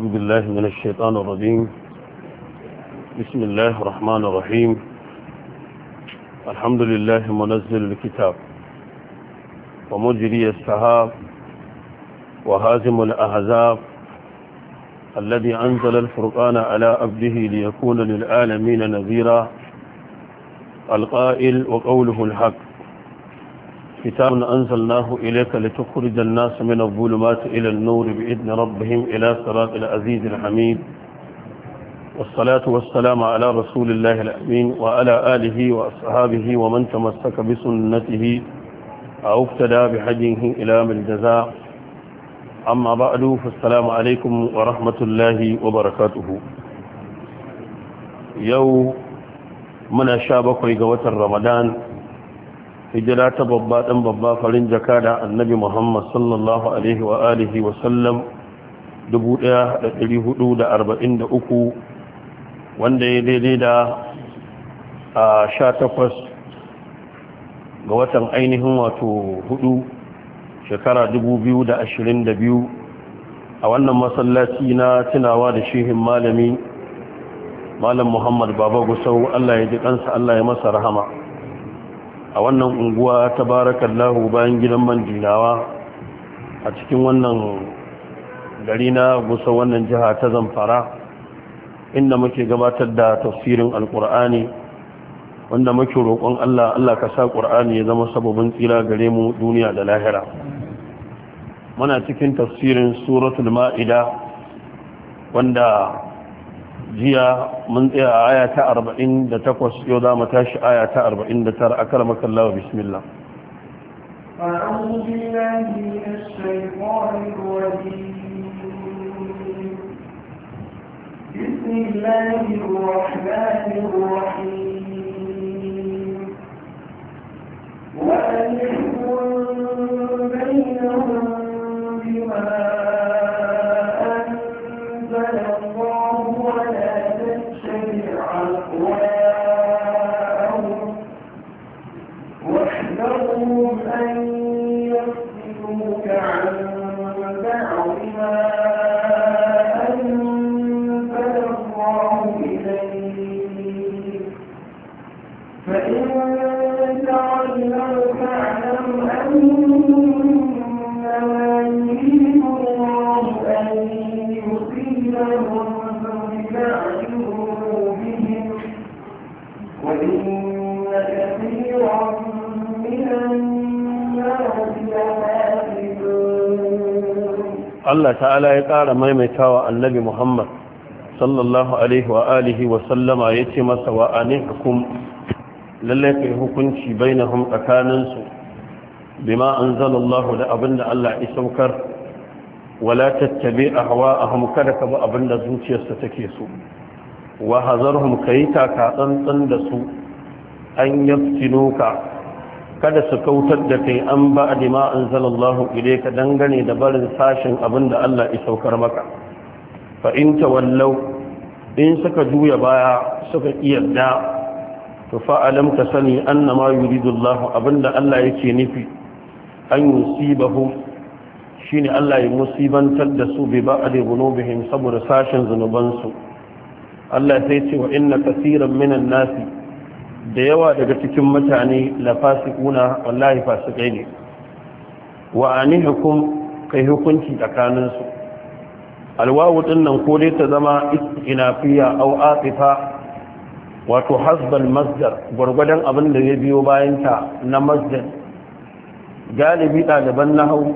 أعوذ بالله من الشيطان الرجيم بسم الله الرحمن الرحيم الحمد لله منزل الكتاب ومجري السحاب وهازم الأحزاب الذي أنزل الفرقان على عبده ليكون للعالمين نذيرا القائل وقوله الحق كتاب أنزلناه إليك لتخرج الناس من الظلمات إلى النور بإذن ربهم إلى صراط العزيز الحميد والصلاة والسلام على رسول الله الأمين وعلى آله وأصحابه ومن تمسك بسنته أو افتدى بحجه إلى من الجزاء أما بعد فالسلام عليكم ورحمة الله وبركاته يوم من أشابك لقوة رمضان hijira ta babba ɗan babba farin jaka da annabi muhammad sallallahu alaihi wa alihi wa sallam 1443 wanda ya daidai da a 18 ga watan ainihin wato hudu shekara 2022 a wannan masallaci na tunawa da shehin malami malam muhammad baba gusau allah ya ji kansa allah ya masa rahama a wannan unguwa ta barakallahu bayan gidan mandilawa a cikin wannan gari na gusa wannan jiha ta zamfara inda muke gabatar da tafsirin alkur'ani wanda muke roƙon Allah Allah ka sa ƙur'ani ya zama sababin tsira gare mu duniya da lahira muna cikin tafsirin suratul ma'ida wanda jiya mun tsaya a aya ta 48 yau za mu tashi aya ta 49 akramaka Allah bismillah أعوذ بالله من الشيطان الرجيم بسم الله الرحمن الرحيم وأن Allah ta'ala ya ƙara maimaitawa annabi Muhammad sallallahu alaihi wa alihi wa sallama ya ce masa wa anikum lallai kai hukunci bainahum tsakaninsu bima anzalallahu da abinda Allah ya saukar wala tattabi ahwa'ahum kada ka bi abinda zuciyarsa take so wa hazarhum kai taka tsantsan da su an yaftinuka kada su kautar da kai an ba a dima an zalallahu ka dangane da barin sashen abin da Allah ya saukar maka fa'inta wallau in suka juya baya suka iyarda to fa'alam ka sani an na ma yuridullahu abin da Allah yake nufi an yusibahu shi ne Allah ya musibantar da su bai ba a da saboda sashen zunubansu Allah sai ce wa inna kasiran minan nasi da yawa daga cikin mutane la fasikuna wallahi fasikai ne wa anihukum kai hukunci tsakanin su alwawu din nan ko dai ta zama istinafiya au atifa wato hasbal masdar gurgudan abin da ya biyo bayan ta na masdar galibi ɗaliban nahau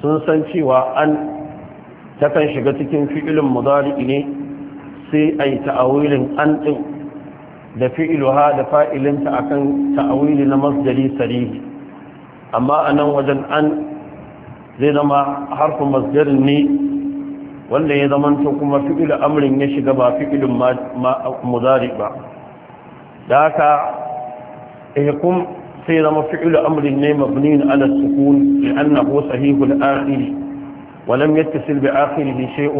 sun san cewa an takan shiga cikin fi'ilin mudari ne sai ai ta'awilin an din da fi'iluha da fa'ilinta akan ta'awili na masdari sarihi amma a nan wajen an zai zama harfin masdarin ne wanda ya zamanto kuma fi'ilu amrin ya shiga ba fi'ilun muzari ba da haka ihkum eh, sai zama fi'ilu amarin ne mabnin ala sukun li'annahu sahihul akhiri ولم يتصل بآخره شيء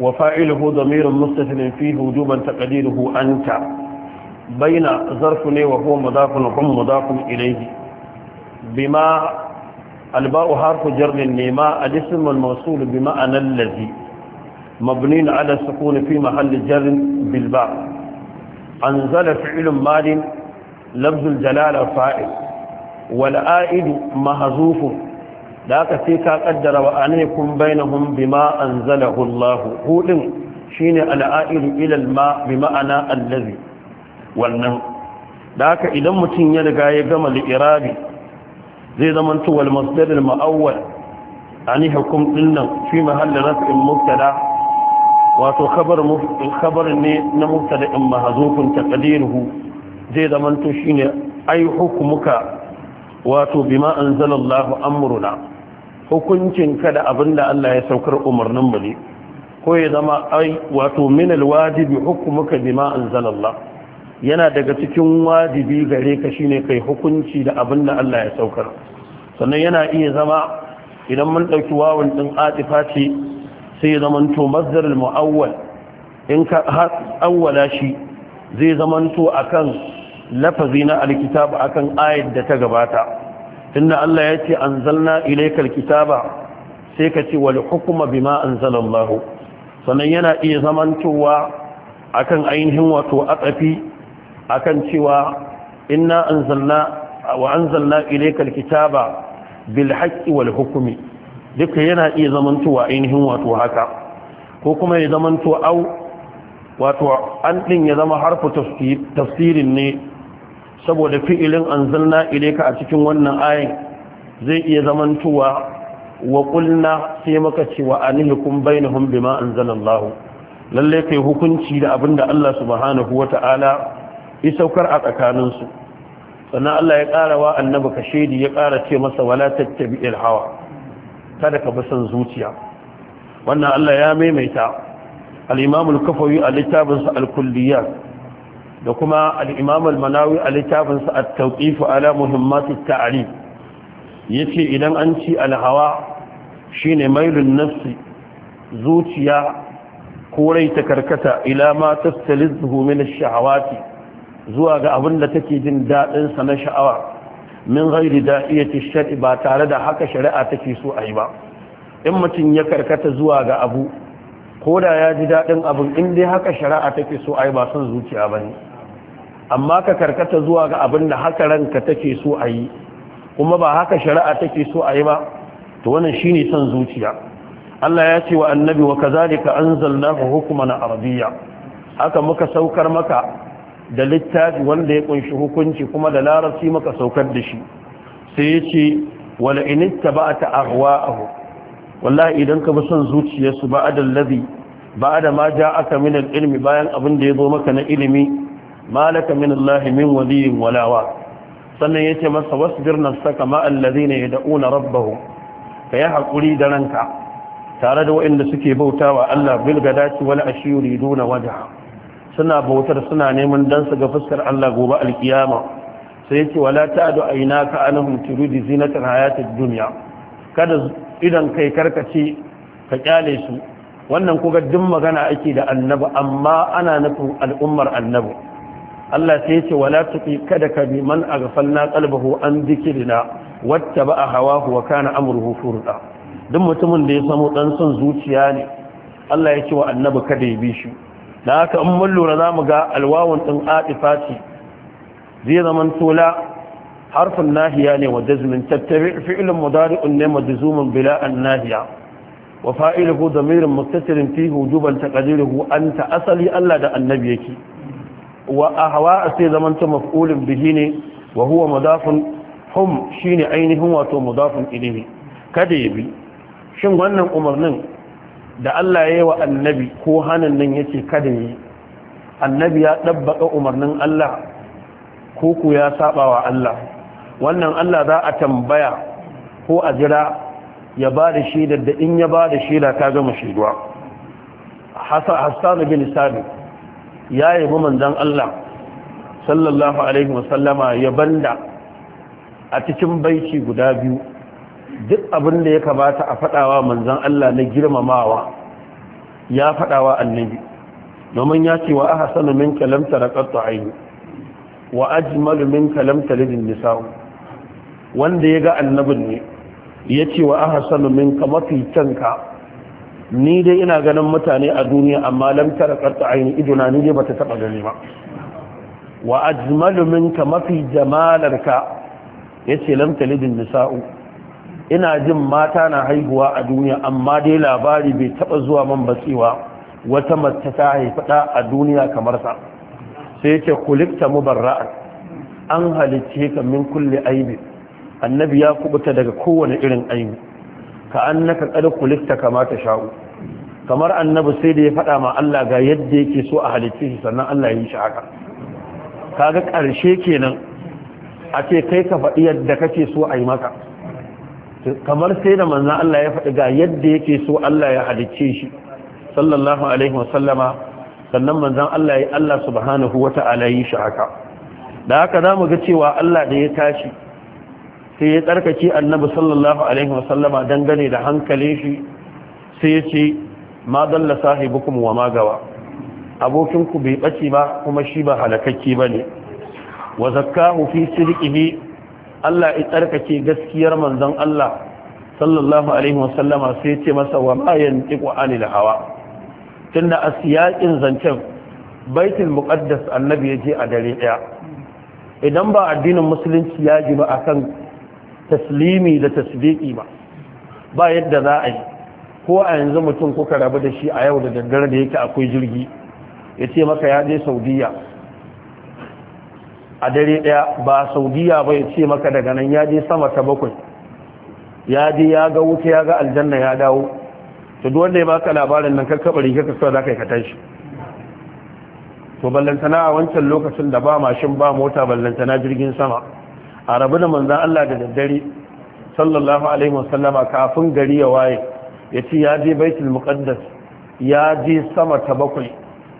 وفاعله ضمير مستثن فيه وجوبا تقديره أنت بين ظرف وهو مضاف وهم مضاف إليه بما الباء حرف جر لما الاسم الموصول بمعنى الذي مبني على السكون في محل جر بالباء أنزل فعل مال لفظ الجلالة فائل والآئد مهزوف da aka sai ka kaddara wa alaikum bainahum bima anzalahu Allah hudin shine al'ailu ila al-ma bi ma'ana allazi wannan da aka idan mutum ya riga ya gama al-irabi zai zama to wal masdar al-mu'awwal ani hukum dinnan fi mahall raf'in mubtada wato khabar khabar ne na mubtada in mahzufun taqdiruhu zai zama to shine ai hukumuka wato bima anzalallahu amruna hukuncin ka da abin da Allah ya saukar umarnin mu ne ko ya zama ai wato min alwajibi hukumuka bima anzalallah yana daga cikin wajibi gare ka shine kai hukunci da abin da Allah ya saukar sannan yana iya zama idan mun dauki wawun din atifa ce sai ya zama to mazdar muawwal in ka awwala shi zai zama to akan lafazi na alkitab akan ayat da ta gabata Inna Allah ya ce an anzalna ilaykal kitaba sai ka ce wal hukma bima lahu. sannan yana iya zamantowa akan ainihin wato a kan cewa inna an wa anzalna ilaykal kitaba bil haqqi wani hukumi. duka yana iya zamantowa ainihin wato haka ko kuma ya zamantowa au wato an din ya zama harfu tafsirin ne saboda fi'ilin anzalna ilayka a cikin wannan ayin zai iya zamantuwa wa qulna sai muka ce wa anihkum bainahum bima anzalallahu lallai kai hukunci da abinda Allah subhanahu Ta'ala ya saukar a tsakanin su sannan Allah ya ƙara wa annabi shaidi ya ƙara ce masa wala tattabi'il hawa kada ka bi son zuciya wannan Allah ya maimaita al kafawi a littafinsa al-Kulliyat da kuma al al-manawi a littafinsa at-tawqif ala muhimmatu ta'ari ya yace idan an ci alhawa shine mailun nafsi zuciya ko rai ta karkata ila ma tastalizuhu min ash zuwa ga abin da take jin daɗinsa na sha'awa min ghairi da'iyati shari ba tare da haka shari'a take so yi ba in mutum ya karkata zuwa ga abu ko da ya ji daɗin abin in dai haka shari'a take so ayi ba son zuciya bane amma ka karkata zuwa ga abin da haka ranka take so a yi kuma ba haka shari'a take so a yi ba to wannan shine son zuciya Allah ya ce wa annabi wa kazalika anzalnahu hukman arabiyya haka muka saukar maka da littafi wanda ya kunshi hukunci kuma da larabci muka saukar da shi sai ya ce wala in ittaba'ta ahwa'ahu wallahi idan ka bi son zuciyarsu ba allazi ba'da ma ja'aka min al-ilmi bayan abin da ya zo maka na ilimi malaka min Allah min waliyin walawa sannan yace masa wasbir nafsaka ma alladhina yad'una rabbahum ka yi hakuri da ranka tare da waɗanda suke bautawa Allah bil gadati wal ashi yuriduna wajha suna bautar suna neman dan su ga fuskar Allah gobe alkiyama sai yace wala ta'du aynaka anhum turidu zinatal hayatid dunya kada idan kai karkace ka kyale su wannan kuga duk magana ake da annabi amma ana nufin al'ummar annabi Allah sai ce wala tuqi kada ka bi man aghfalna qalbahu an dhikrina wattaba'a hawahu wa kana amruhu furda duk mutumin da ya samu dan son zuciya ne Allah ya ce wa annabi kada ya bi shi da haka in mun lura zamu ga alwawun din atifa zai zaman tola harfin nahiya ne wa jazmin tattabi fi'lun mudari'un ne majzumun bila an nahiya wa fa'iluhu damirun muttasilin fi wujuban taqdiruhu anta asali Allah da annabi yake wa ahwa sai zamanta maf'ulun bihi ne wa huwa mudafun hum shine ainihin wato mudafun ilayhi kada yabi shin wannan umarnin da Allah ya yi wa annabi ko hanan nan yace kada yi annabi ya dabbaka umarnin Allah ko ku ya saba wa Allah wannan Allah za a tambaya ko a jira ya ba da shaidar da in ya ba da shaida ta gama shaiduwa hassan bin sabi ya yi bu manzan Allah sallallahu alaihi wasallama ya banda a cikin baiki guda biyu duk abin da ya kamata a fadawa manzan Allah na girmamawa ya fadawa annabi domin ya ce wa min minka na taraqatu ayni wa ajmalu minka kalamta talidin nisa'u wanda ya ga annabin ne ya ce wa ahsanu minka mafi canka ni dai ina ganin mutane a duniya amma lam tara ainihin aini iduna ni dai bata taba gani ba wa ajmalu minka mafi jamalarka yace lam nisa'u ina jin mata na haihuwa a duniya amma dai labari bai taba zuwa man batsewa wata mace ta haifi da a duniya kamar sa sai yace kulikta mubarra'a an halicce ka min kulli aibi annabi ya kubuta daga kowane irin aibi ka annaka qad kulifta kama sha'u kamar annabi sai da ya faɗa ma Allah ga yadda yake so a halitta shi sannan Allah ya yi shi haka kaga ƙarshe kenan a ce kai ka faɗi yadda kake so a yi maka kamar sai da manzo Allah ya faɗi ga yadda yake so Allah ya halicce shi sallallahu alaihi wasallama sannan manzo Allah ya Allah subhanahu wata'ala yi shi haka da haka zamu ga cewa Allah da ya tashi sai ya tsarkaki annabi sallallahu alaihi wasallama dangane da hankalin shi sai ya ce ma dalla sahibukum wa Abokin abokinku bai bace ba kuma shi ba halakakki bane wa zakkahu fi sirqihi Allah ya tsarkake gaskiyar manzon Allah sallallahu alaihi wasallama sai ya ce masa wa ma yantiqu anil hawa tunda asiyakin zancen baitul muqaddas annabi ya je a dare daya idan ba addinin musulunci ya ji ba akan taslimi da tasbiki ba ba yadda za a yi ko a yanzu mutum kuka rabu da shi a yau da daddare da yake akwai jirgi ya ce maka ya je saudiya a dare daya ba saudiya ba ya ce maka daga nan ya je sama ta bakwai ya je ya ga wuta ya ga aljanna ya dawo to duk wanda ya baka labarin nan kakkabari ka so za ka yi ka tashi to ballantana a wancan lokacin da ba mashin ba mota ballantana jirgin sama a rabu da manzan Allah da daddare sallallahu alaihi wasallama kafin gari ya waye ya ce ya je baitul muqaddas ya je sama ta bakwai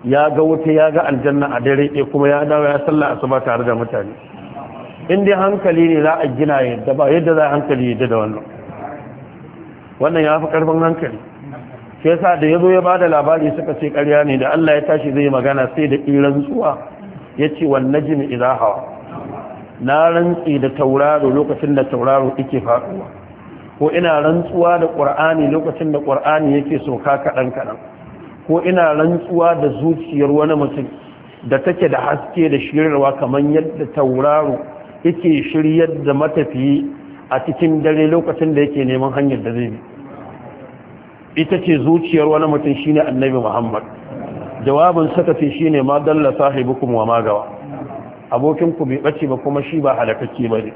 ya ga wuta ya ga aljanna a dare ɗaya kuma ya dawo ya sallah asuba tare da mutane in dai hankali ne za a gina yadda ba yadda za a hankali yadda da wannan wannan ya fi karfin hankali shi sa da ya zo ya bada labari suka ce karya ne da Allah ya tashi zai magana sai da ƙiran zuwa ya ce wannan jini idan hawa na rantsi da tauraro lokacin da tauraro yake faɗuwa ko ina rantsuwa da ƙur'ani lokacin da ƙur'ani yake soka kaɗan kaɗan ko ina rantsuwa da zuciyar wani mutum da take da haske da shiryarwa kamar yadda tauraro yake shiryar da matafiyi a cikin dare lokacin da yake neman hanyar da zai ita ce zuciyar wani mutum shine annabi muhammad jawabin sakafi shine ma dalla sahibukum wa gawa. abokin ku bai bace ba kuma shi ba halakakke ba ne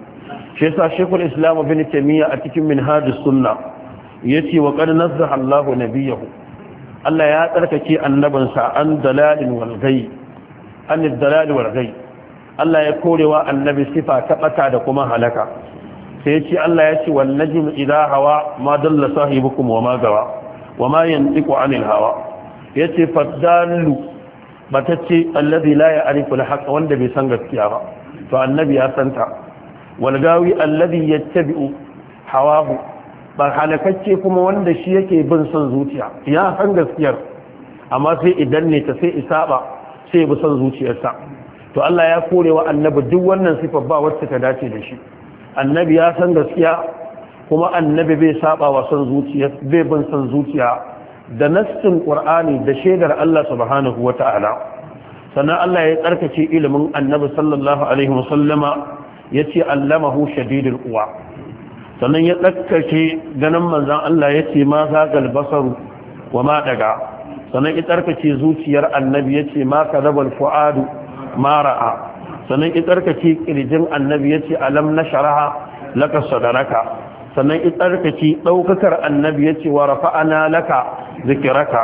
shi yasa shekul islam ibn taymiya a cikin minhajus sunna yace wa qad nazzaha allah nabiyahu allah ya tsarkake annabinsa an dalalin wal ghayb an dalal wal Allah ya korewa annabi sifa ta bata da kuma halaka sai yace ce Allah ya ce wal najm idha hawa ma dalla sahibukum wa ma gawa wa ma yantiqu anil hawa yace fadallu matacce allazi la ya'rifu al-haqq wanda bai san gaskiya ba to annabi ya santa wal gawi allazi yattabi'u hawahu ba halakacce kuma wanda shi yake bin son zuciya ya san gaskiyar amma sai idan ne ta sai isaba sai bi son zuciyarsa to Allah ya kore wa annabi duk wannan sifar ba wacce ta dace da shi annabi ya san gaskiya kuma annabi bai saba wa son zuciya bai bin son zuciya da nassin qur'ani da shaidar Allah subhanahu wata'ala sannan Allah ya tsarkace ilimin annabi sallallahu alaihi wasallama yace allamahu shadidul uwa. sannan ya tsarkace ganin manzan Allah yace ma zagal basaru wa ma daga sannan ya tsarkace zuciyar annabi ce ma kadabal fuadu ma ra'a sannan ya tsarkace ƙirjin annabi yace alam nasharaha laka sadaraka sannan itsarkaki ɗaukakar annabi ya ce wa rafa'ana laka zikiraka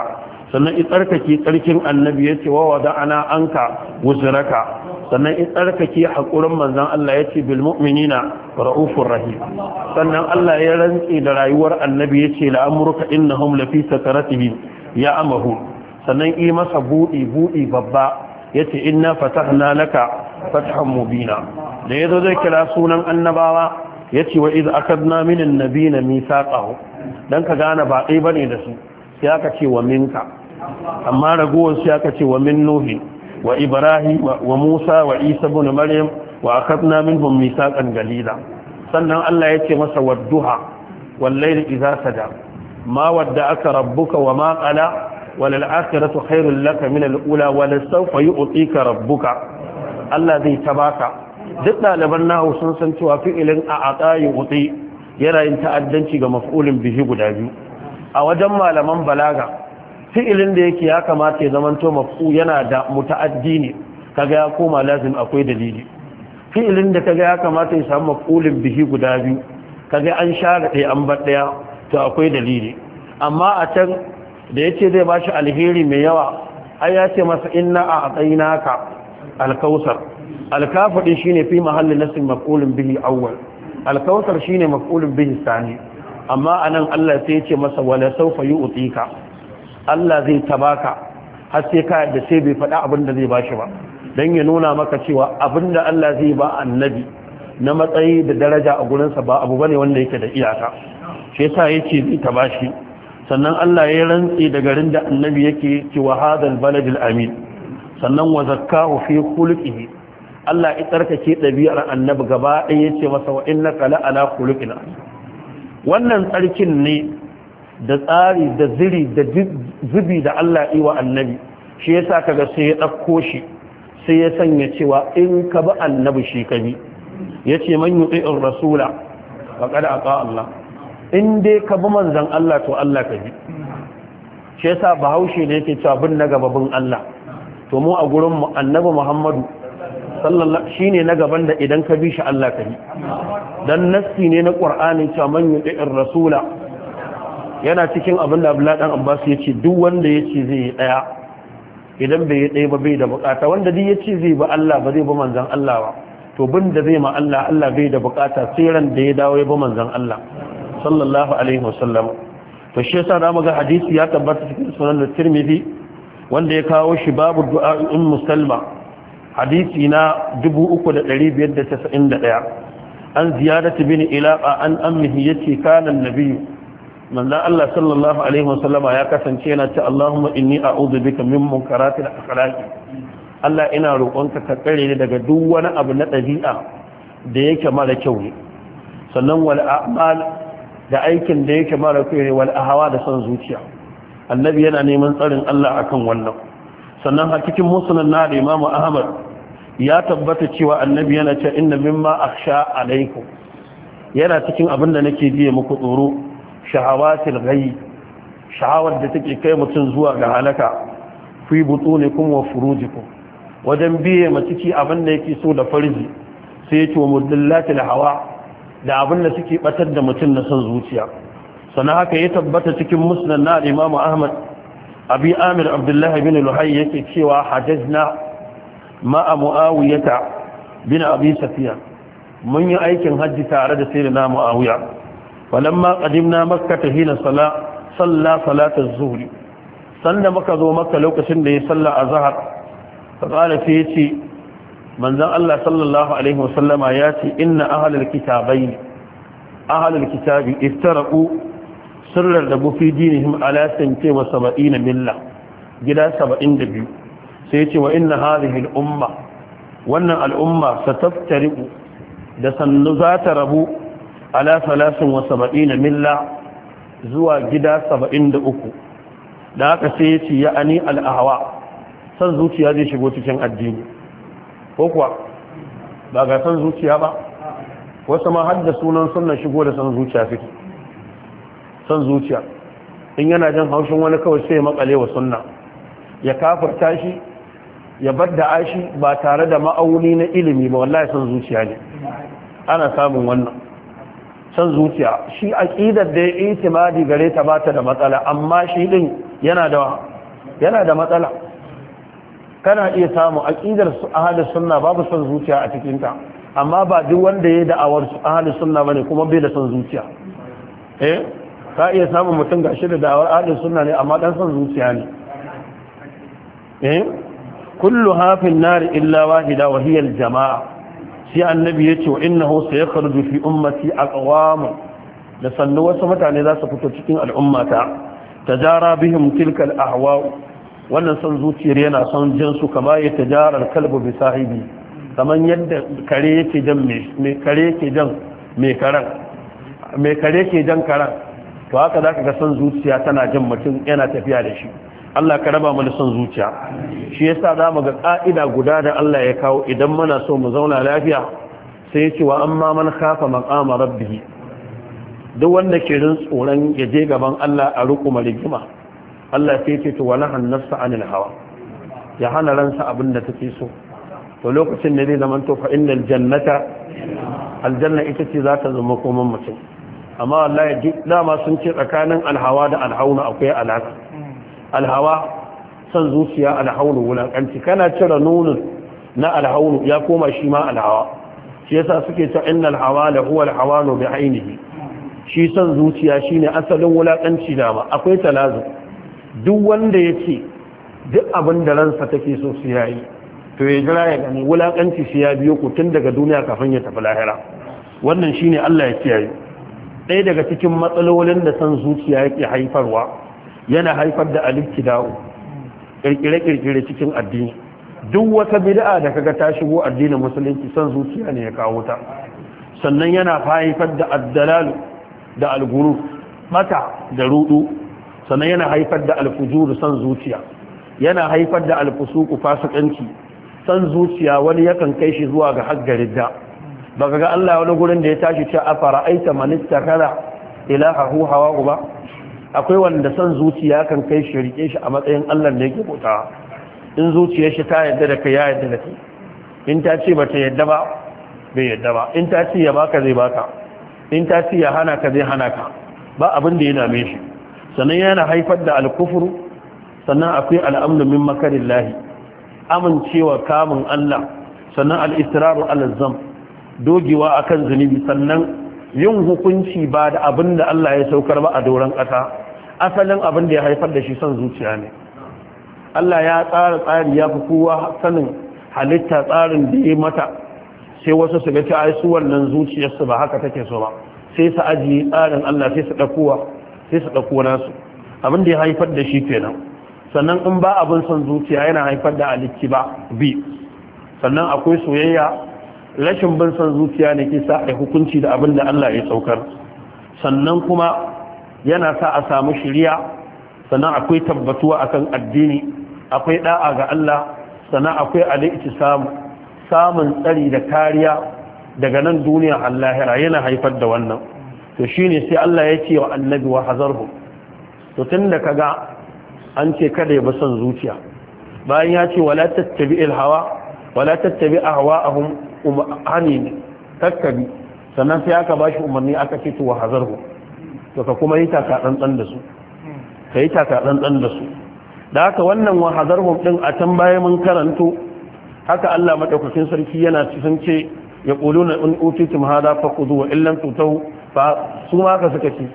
sannan itsarkaki tsarkin annabi ya ce wa wada'ana anka wuzuraka sannan itsarkaki haƙurin manzan Allah ya ce bil mu'minina ra'ufur rahim sannan Allah ya rantse da rayuwar annabi ya ce la'amurka innahum lafi sakaratihim ya amahu sannan yi masa buɗi buɗi babba ya ce inna fatahna laka fathan mubina da yazo zai kira sunan annabawa ya ce wa iz akadna minin nabi na misaqahu dan ka gane ba ɗaya bane da su sai aka ce wa minka amma ragowar sai aka ce wa min nuhi wa ibrahim wa musa wa isa ibn maryam wa akadna minhum kan galila sannan Allah ya ce masa wadduha wallayli idza saja ma wadda'aka rabbuka wa ma qala walal su khairul laka min al'ula ula wa yi sawfa yu'tika rabbuka Allah zai tabaka duk ɗaliban nahu sun san cewa fi'ilin a atsayi wutsi yana yin ta'addanci ga maf'ulin bihi guda biyu a wajen malaman balaga fi'ilin da yake ya kamata ya zama to maf'u yana da muta'addi ne kaga ya koma lazim akwai dalili fi'ilin da kaga ya kamata ya samu maf'ulin bihi guda biyu kaga an share ɗaya an bar ɗaya to akwai dalili amma a can da yace zai bashi alheri mai yawa ai ya ce masa inna a atsainaka alkausar alkafu din shine fi mahalli nasin maf'ulun bihi awwal shi shine maf'ulun bihi sani amma a nan Allah sai ya ce masa wala sawfa yu'tika Allah zai tabaka har sai ka yadda sai bai faɗa abin da zai bashi ba dan ya nuna maka cewa abin da Allah zai ba annabi na matsayi da daraja a gurinsa ba abu bane wanda yake da iyaka shi yasa yace zai shi. sannan Allah ya rantsi da garin da annabi yake cewa hadal baladil amin sannan wa zakka fi khulqihi Allah ya tsarkake ɗabi'ar annabi gaba ɗaya ya ce masa wa na kala ala khuluqin wannan tsarkin ne da tsari da ziri da zubi da Allah yi wa annabi shi yasa kaga sai ya ɗauko shi sai ya sanya cewa in ka bi annabi shi ka bi ce man yuti'ir rasula faqad aqa Allah in dai ka bi manzon Allah to Allah ka bi shi sa bahaushe ne yake cewa bin na gaba bin Allah to mu a gurin mu annabi Muhammadu sallallahu shine na gaban da idan ka bi shi Allah ka yi dan nassi ne na Qur'ani cewa man ar rasula yana cikin abin da Abdullah dan Abbas yace duk wanda yace zai yi daya idan bai yi daya ba bai da bukata wanda duk yace zai ba Allah ba zai ba manzon Allah ba to bin da zai ma Allah Allah bai da bukata sai ran da ya dawo ya ba manzon Allah sallallahu alaihi wasallam to shi yasa da muga hadisi ya tabbata cikin sunan Tirmidhi wanda ya kawo shi babu du'a ummu Salma hadisi na 3591 an ziyarati bin ilaqa an ammihi yace kana annabi manzo Allah sallallahu alaihi wasallama ya kasance yana ce Allahumma inni a a'udhu bika min munkaratil akhlaqi Allah ina roƙonka ka tsare ni daga duk wani abu na ɗabi'a da yake mara kyau ne sannan wal a'mal da aikin da yake mara kyau ne wal ahwa da son zuciya annabi yana neman tsarin Allah akan wannan sannan a cikin musulun na da imamu ahmad ya tabbata cewa annabi yana ce inna mimma akhsha alaiku. yana cikin abin da nake biye muku tsoro shahawatil shahawar da take kai mutum zuwa ga halaka fi butunikum wa furujikum wajen biye ma ciki abin da yake so da farji sai ya ce wa mudillatil hawa da abin da suke batar da mutum na son zuciya sana haka ya tabbata cikin musnad na Imam Ahmad Abi Amir Abdullahi bin Luhay yake cewa na. ma'a mu'awiyata bin abin safiya mun yi aikin hajji tare da sayyidina mu'awiya falamma qadimna makkah hina sala salla salat zuhri sanda muka zo makka lokacin da ya salla azhar fa qala fi yace manzon Allah sallallahu alaihi wasallama yace inna ahlul kitabai ahlul kitabi iftaraqu sirrar da bufi dinihim ala sanke wa 70 milla gida 72 sai ce wa inna hadhihi al-umma wannan al'umma sataftariqu da sannu za ta rabu ala na milla zuwa gida saba'in da uku. Da haka sai ya ce ya'ani al-ahwa san zuciya zai shigo cikin addini ko kuwa ba ga san zuciya ba wasu ma hadda sunan sunan shigo da san zuciya suke san zuciya in yana jan haushin wani kawai sai ya makale wa sunna ya kafarta tashi? ya bar da ashi ba tare da ma'auni na ilimi ba wallahi san zuciya ne ana samun wannan san zuciya shi aqidar da ya itimadi gare ta bata da matsala amma shi din yana da yana da matsala kana iya samu aqidar su ahli sunna babu son zuciya a cikin ta amma ba duk wanda ya da'awar su ahli sunna bane kuma bai da son zuciya eh ka iya samun mutum gashi da da'awar ahli sunna ne amma dan son zuciya ne eh kullu hafin nari illa wahida wa jama'a. aljamaa sai annabi ce wa innahu ya fi ummati aqwam da sannu wasu mutane za su fito cikin al'ummata tajara bihim tilka alahwa wannan son zuciyar yana son jin su kama ya jarar alkalbu bi sahibi kaman yadda kare yake jan mai kare yake jan mai karan mai kare yake jan karan to haka zaka ga son zuciya tana jan mutum yana tafiya da shi Allah ka raba mu son zuciya shi yasa mu ga ƙa'ida guda da Allah ya kawo idan muna so mu zauna lafiya sai ya ce wa amma man khafa maqama rabbih duk wanda ke rin tsoron ya je gaban Allah a rukuma rigima Allah sai ya ce to wala hannasa anil hawa ya hana ransa abinda da take so to lokacin da zai zama to fa innal aljanna ita ce za ta zama koman mutum amma wallahi duk dama sun ce tsakanin alhawa da alhauna akwai alaka alhawa san zuciya alhaunu wulakanci kana cire nunin na alhaunu ya koma shi ma alhawa shi yasa suke ta inna alhawa da huwa alhawanu bi ainihi shi san zuciya shine asalin wulakanci ba akwai talazu duk wanda yace duk abin da ransa take so su yayi to ya jira ya gani wulakanci shi ya biyo ku tun daga duniya kafin ya tafi lahira wannan shine Allah ya kiyaye ɗaya daga cikin matsalolin da san zuciya yake haifarwa yana haifar da alifki da'u kirkire-kirkire cikin addini duk wata bida'a da kaga ta shigo addinin musulunci son zuciya ne ya kawo ta sannan yana haifar da addalalu da alguru mata da rudu sannan yana haifar da alfujuru son zuciya yana haifar da alfusuku fasikanci son zuciya wani yakan kai shi zuwa ga haggaridda baka ga Allah wani gurin da ya tashi cewa afara aita man ilaha ilahahu hawa ba akwai wanda son zuciya kan kai shi rike shi a matsayin Allah da yake bota in zuciyar shi ta yadda da kai ya yadda da kai in ta ce bata yadda ba bai yadda ba in ta ce ya baka zai baka in ta ce ya hana ka zai hana ka ba abin da yana mai shi sannan yana haifar da alkufur sannan akwai al'amnu min makarillahi amincewa kamun Allah sannan al-israru al-zam dogewa akan zunubi sannan yin hukunci ba da abin da Allah ya saukar ba a doron ƙasa asalin abin da ya haifar da shi son zuciya ne Allah ya tsara tsari ya fi kowa sanin halitta tsarin da ya mata sai wasu su ga aisu wannan zuciyarsu ba haka take so ba sai su ajiye tsarin Allah sai su sai su ɗakuwa nasu abin da ya haifar da shi kenan sannan in ba abin son zuciya yana haifar da aliki ba bi sannan akwai soyayya rashin bin son zuciya ne ke sa a hukunci da abin da Allah ya tsaukar sannan kuma yana sa a samu shiriya sannan akwai tabbatuwa akan addini akwai da'a ga Allah sannan akwai alaiti samu samun tsari da kariya daga nan duniya allahira yana haifar da wannan to ne sai Allah ya ce wa annabi wa hazarhu to tunda ga an ce kada ya bi son zuciya bayan ya ce wala tattabi'il hawa wala tattabi ahwa'ahum umani tattabi sannan sai aka bashi umarni aka ce to wa hazarhu to ka kuma yi taka da su ka yi taka da su da haka wannan wahazar din a can baya mun karanto haka Allah madaukakin sarki yana cikin ce ya quluna in utitum hada faqulu wa illa tutahu fa su ma ka suka ci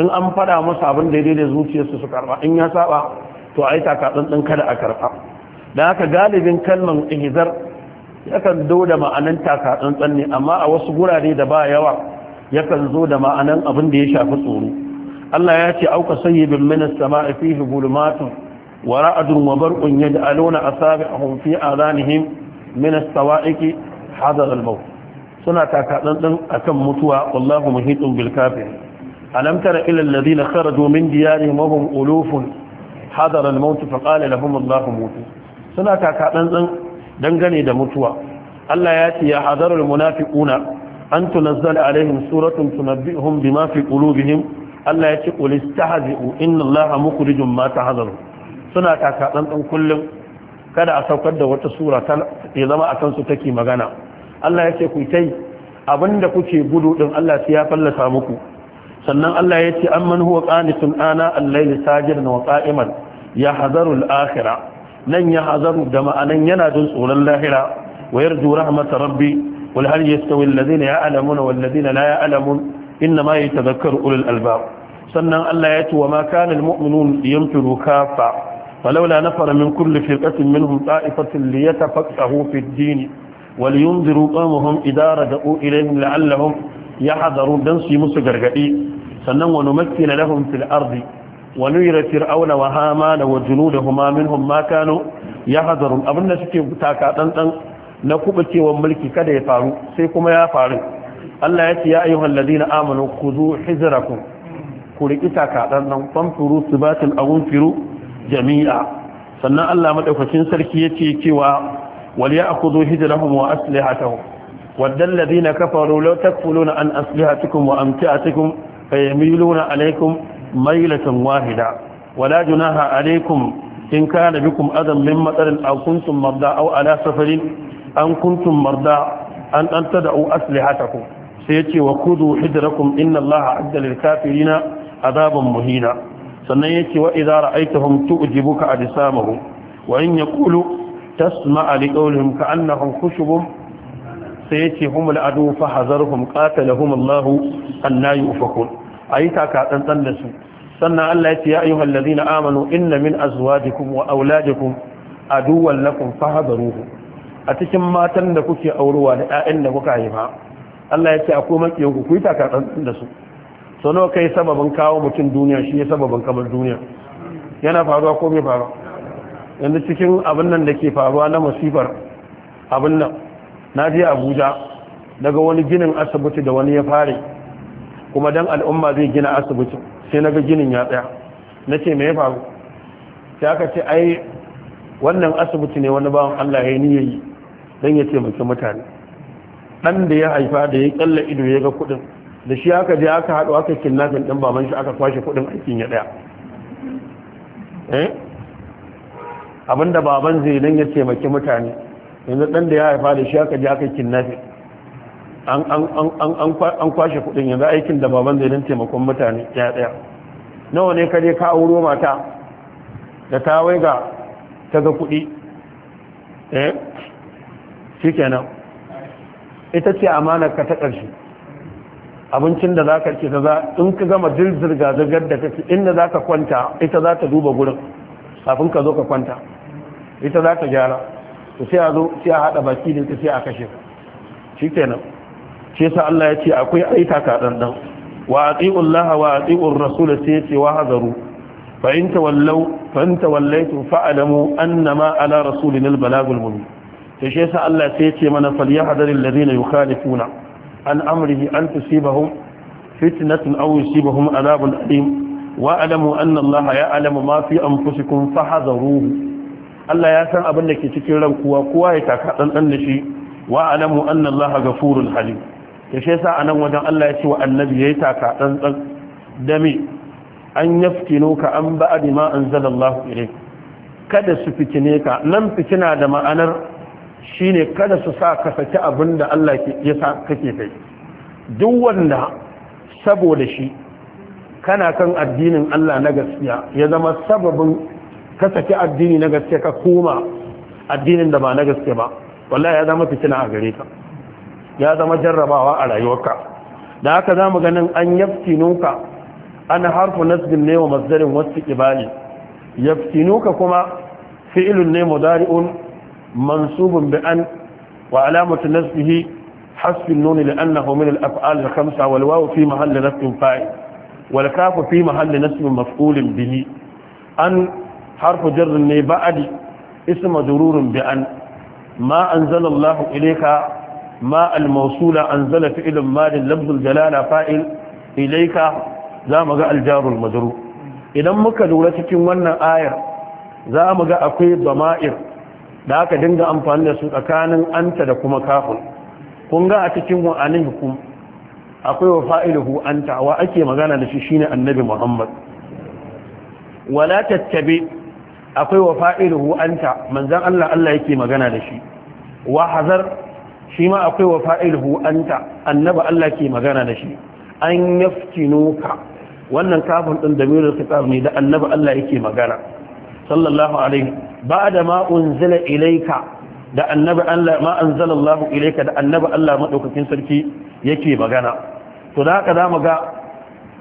in an fada musu abin da daidai da zuciyarsu su karba in ya saba to ai taka kada a karba da haka galibin kalman ihzar yakan do da ma'anan taka ne amma a wasu gurare da ba yawa yakan zo da ma'anan abin da ya shafi tsoro Allah ya ce auka sayyibin min as-sama'i fihi gulmatun wa ra'adun wa barqun yaj'aluna asabi'ahum fi adanihim min as hadar al-maut suna takadan din akan mutuwa wallahu muhitun bil kafir alam tara ila alladhina kharaju min diyarihim wa hum ulufun hadar al-maut fa qala lahum Allahu mutu suna taka din dangane da mutuwa Allah ya ce ya hadarul munafiquna an tunazzal alaihim suratun tunabbihum bima fi qulubihim Allah ya ce qul istahzi'u inna Allaha mukhrijum ma tahzaru suna taka dan kullum kada a saukar da wata sura ta ya zama akan su take magana Allah ya ce ku tai abinda kuke gudu din Allah sai ya fallasa muku sannan Allah ya ce amman huwa qanitun ana al-layli sajidan wa qa'iman yahzaru al-akhirah nan yahzaru da ma'anan yana jin tsoron lahira wa yarju rahmat rabbi wal har yastawi alladhina ya'lamuna wal ladina la ya'lamuna inna ma yatadhakkaru ulul albab sannan Allah ya ci wa ma kana almu'minun yamturu kafa falawla nafara min kulli firqatin minhum ta'ifatan liyatafaqahu fid din wal yunziru qawmahum idara da'u ilayhim la'allahum yahdharu dan suyi musu gargadi sannan wa numakkina lahum fil ardi wa nuyira fir'auna wa hamana wa junudahuma minhum ma kanu yahdharu abinda suke taka dan na kubucewar mulki kada ya faru sai kuma ya faru Allah ya ce ya ayyuhal ladina amanu khudhu hizrakum ku riki takadan nan famfuru subatin awun firu jami'a sannan Allah maɗaukacin sarki ya ce cewa wal ya'khudhu hijrahum wa aslihatahum wadda alladhina kafaru law takfuluna an aslihatikum wa amti'atikum fayamiluna alaykum maylatan wahida wala junaha alaykum in kana bikum adam min matarin aw kuntum ala safarin an kuntum marda an dan tad'u aslihatakum sai yace wa khudhu hidrakum inna allaha adda lil kafirina adaban muhina sannan yace wa idza ra'aytahum tu'jibuka ajsamuhum wa in yaqulu tasma'a liqawlihim ka'annahum khushubun sai yace humul adu fa hazarhum qatalahum allah anna yufakun ayi taka tsantsan da su sannan Allah yace ya ayyuhal ladina amanu inna min azwajikum wa auladikum aduwwan lakum fahdharuhum a cikin matan da kuke aurowa da 'ya'yan da kuka haifa Allah ya ce akwai makiyan ku ku yi takatsantsan da su so nawa kai sababin kawo mutum duniya shi ya sababin kamar duniya yana faruwa ko bai faruwa yanzu cikin abin nan da ke faruwa na masifar abin nan na je abuja daga wani ginin asibiti da wani ya fare kuma dan al'umma zai gina asibitin sai na ga ginin ya tsaya na ce me ya faru sai aka ce ai wannan asibiti ne wani bawan allah ya yi niyayi don ya taimaki mutane ɗan da ya haifa da ya kyalla ido ya ga kuɗin da shi aka je aka haɗu aka kinnafin ɗan baban shi aka kwashe kuɗin aikin ya ɗaya eh? abinda baban zai don ya taimaki mutane yanzu ɗan da ya haifa da shi aka je aka kinnafin an kwashe kuɗin yanzu aikin da baban zai don taimakon mutane ya ɗaya nawa ne ka je ka auro mata da ta waiga ta ga kuɗi eh? shikenan ita ce amanar ka ta ƙarshe abincin da za ka ce za in ka gama zirga zirgar da kake inda za ka kwanta ita za ta duba gurin kafin ka zo ka kwanta ita za ta gyara to sai a zo sai a haɗa baki da ita sai a kashe shikenan shi sa Allah ya ce akwai aita ka dandan wa ati'u Allah wa ati'u Rasul sai ce wa hazaru fa in tawallu fa in tawallaytu fa'lamu annama ala rasulina al-balagul mubin da shi yasa Allah sai ya ce mana falyahdaril ladina yukhalifuna an amrihi an tusibahum fitnatun aw yusibahum adabun alim wa alamu anna Allah ya'lamu ma fi anfusikum fahadharuhu Allah ya san abin da ke cikin ran kowa kowa ya taka dan dan da shi wa alamu anna Allah ghafurul halim da shi yasa anan wajen Allah ya ce wa annabi yayi taka dan dan dami an yaftinuka an ba'd ma anzalallahu ilayk kada su fitine ka nan fitina da ma'anar shine kada su sa ka saki abin da Allah ya sa kake kai duk wanda saboda shi kana kan addinin Allah na gaskiya ya zama sababin ka saki addini na gaskiya ka koma addinin da ba na gaskiya ba wallahi ya zama fitina a gare ka ya zama jarrabawa a rayuwarka da haka zamu ganin an yaftinuka an harfu nasbin ne wa masdarin wasu ibali yaftinuka kuma fi'ilun ne mudari'un mansubun bi an wa alamatu nasbihi حسب النون لأنه من الأفعال الخمسة والواو في محل نسب فاعل والكاف في محل نسب مفعول به أن حرف جر بعد اسم ضرور بأن ما أنزل الله إليك ما الموصول أنزل فعل مال لفظ الجلالة فاعل إليك ذا مقع الجار المجرور إذا مكدولتك ون آية ذا مقع أقيد ضمائر da aka dinga amfani da su tsakanin anta da kuma kafin kun ga a cikin wa'anin hukum akwai wa fa'iluhu anta wa ake magana da shi shine annabi muhammad wala tattabi akwai wa fa'iluhu anta manzan allah allah yake magana da shi wa hazar shi ma akwai wa fa'iluhu anta annaba allah ke magana da shi an yaftinuka wannan kafin din da mirar kitab ne da annaba allah yake magana sallallahu alaihi ba'da ma unzila ilayka da annabi Allah ma anzalallahu ilayka da annabi Allah madaukakin sarki yake magana to da haka zamu ga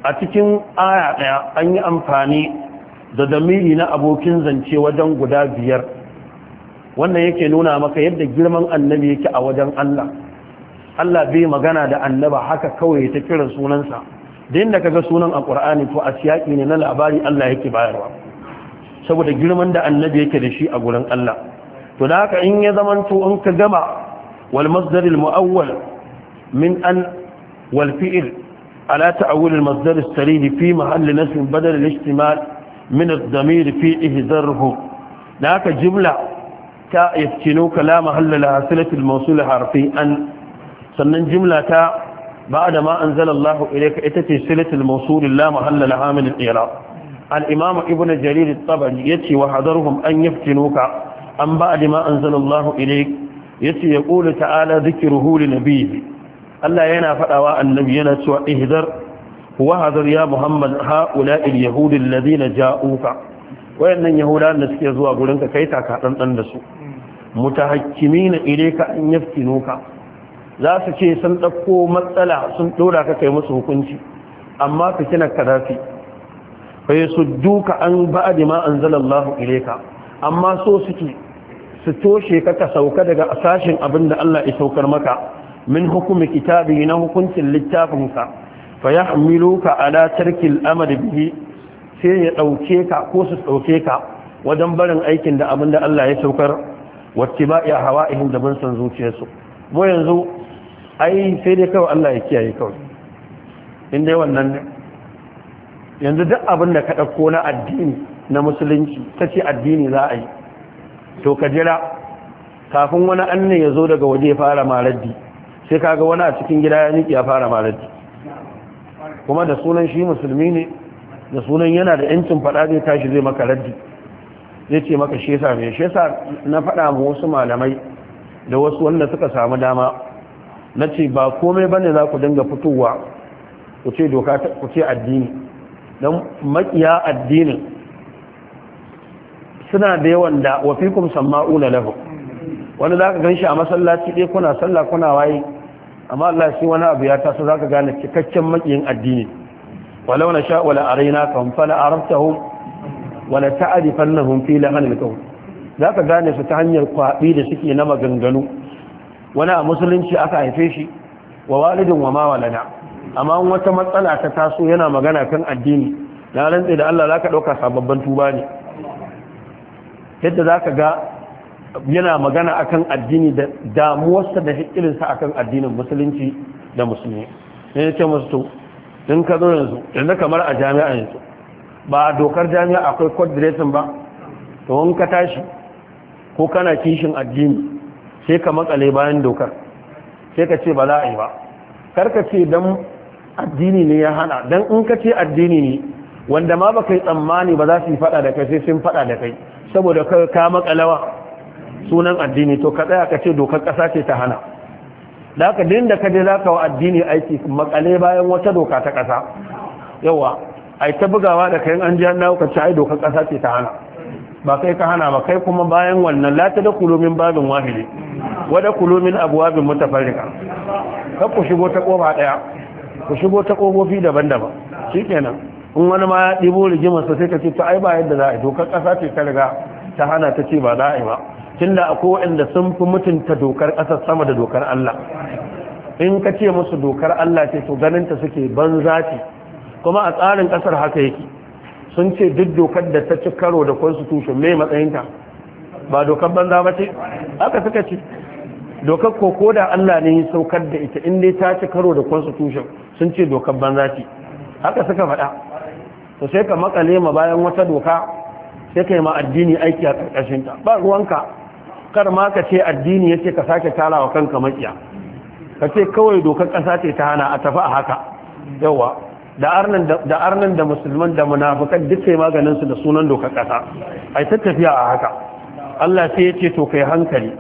a cikin aya daya an yi amfani da damiri na abokin zance wajen guda biyar wannan yake nuna maka yadda girman annabi yake a wajen Allah Allah bai magana da annaba haka kawai ta kira sunansa da ka kaga sunan a ƙur'ani to a siyaƙi ne na labari Allah yake bayarwa saboda girman da annabi yake da shi a gurin Allah to da haka in ya zamanto in ka gama wal masdar al muawwal min an wal fi'l ala ta'awul al masdar al sarid fi mahall nasb badal al ihtimal min al damir fi ihdarhu da haka jumla ta yaskinu kala mahalla la hasilati al mawsul harfi an sannan jumla ta بعد ما أنزل الله إليك إتتي سلة الموصول لا la لها من الإعراب al-imam ibnu jarir at-tabari yace wa hadarhum an yaftinuka an ba'd ma anzalallahu ilayk yace yaqulu ta'ala dhikruhu li nabiyyi Allah yana faɗawa annabi yana cewa ihdar wa ya muhammad ha'ula'i al-yahud alladhina ja'uka wayannan yahudan da suke zuwa gurinka kai taka dan dan da su mutahakkimina ilayka an yaftinuka za su ce sun ɗauko matsala sun ɗora ka kai musu hukunci amma ka kina kadafi fa duka an ba'di ma anzalallahu ilayka amma so suke su toshe ka ka sauka daga asashin abinda Allah ya saukar maka min hukumi kitabi na hukuncin littafinka fa ya hamilu ka ala tarkil amadi bihi sai ya ɗauke ka ko su ɗauke ka wajen barin aikin da abinda Allah ya saukar wacce ba iya hawa ihin da bin san zuciyarsu mu yanzu ai sai dai kawai Allah ya kiyaye kawai in dai wannan ne yanzu duk abin da ka ɗauko na addini na musulunci ta ce addini za a yi to ka jira kafin wani annan ya zo daga waje ya fara maraddi sai kaga wani a cikin gida ya niki ya fara maraddi kuma da sunan shi musulmi ne da sunan yana da yancin faɗa zai tashi zai maka raddi zai ce maka shesa mai shesa na faɗa ma wasu malamai da wasu wanda suka samu dama na ce ba komai bane za ku dinga fitowa ku ku ce addini don makiya addinin suna da yawan da wafikun sama'una lahu wani za ka gan shi a masallaci ɗaya kuna sallah kuna waye amma Allah shi wani abu ya taso za ka gane cikakken makiyin addini walau na sha wala arena kan fala arabtahum wala ta'rifannahum fi lahanil qawl za ka gane su ta hanyar kwaɓi da suke na maganganu wani a musulunci aka haife shi wa walidin wa ma walana amma wata matsala ta taso yana magana kan addini na rantse da Allah zaka ɗauka sababbin tuba ne yadda zaka ga yana magana akan addini da damuwarsa da hikirinsa akan addinin musulunci da musulmi ne ya ce musu to in ka zo yanzu yanzu kamar a jami'a yanzu ba a dokar jami'a akwai code dressing ba to in ka tashi ko kana kishin addini sai ka makale bayan dokar sai ka ce ba za a yi ba karka ce dan. addini ne ya hana dan in ka ce addini ne wanda ma baka yi tsammani ba za su yi fada da kai sai sun fada da kai saboda ka ka makalawa sunan addini to ka tsaya ka ce dokar kasa ce ta hana da haka din da ka je za ka wa addini aiki makale bayan wata doka ta kasa yawa ai ta bugawa da kai an ji hannu ka ce ai dokar kasa ce ta hana ba kai ka hana ba kai kuma bayan wannan la ta da kulomin babin wahili wada kulomin bin mutafarrika ka ku shigo ta kofa ɗaya. ku shigo ta ƙofofi daban-daban shi kenan in wani ma ya ɗibo rigimarsa sai ka ce ta ai ba yadda za a yi dokar ƙasa ce ta riga ta hana ta ce ba za a yi ba tun da akwai waɗanda sun fi mutunta dokar ƙasar sama da dokar Allah in ka ce musu dokar Allah ce to ganinta suke banza ce kuma a tsarin ƙasar haka yake sun ce duk dokar da ta ci karo da constitution mai matsayinta ba dokar banza ba ce haka suka ce dokar koko da Allah ne ya saukar da ita in dai ta ci karo da constitution sun ce dokar banza ce haka suka faɗa to sai ka makale ma bayan wata doka sai ka yi ma addini aiki a ta ba ruwanka kar ma ka ce addini yace ka sake tara wa kanka makiya ka ce kawai dokar ƙasa ce ta hana a tafi a haka yawa da arnan da musulman da munafukan duk sai maganin su da sunan dokar ƙasa ai ta tafiya a haka Allah sai ya ce to kai hankali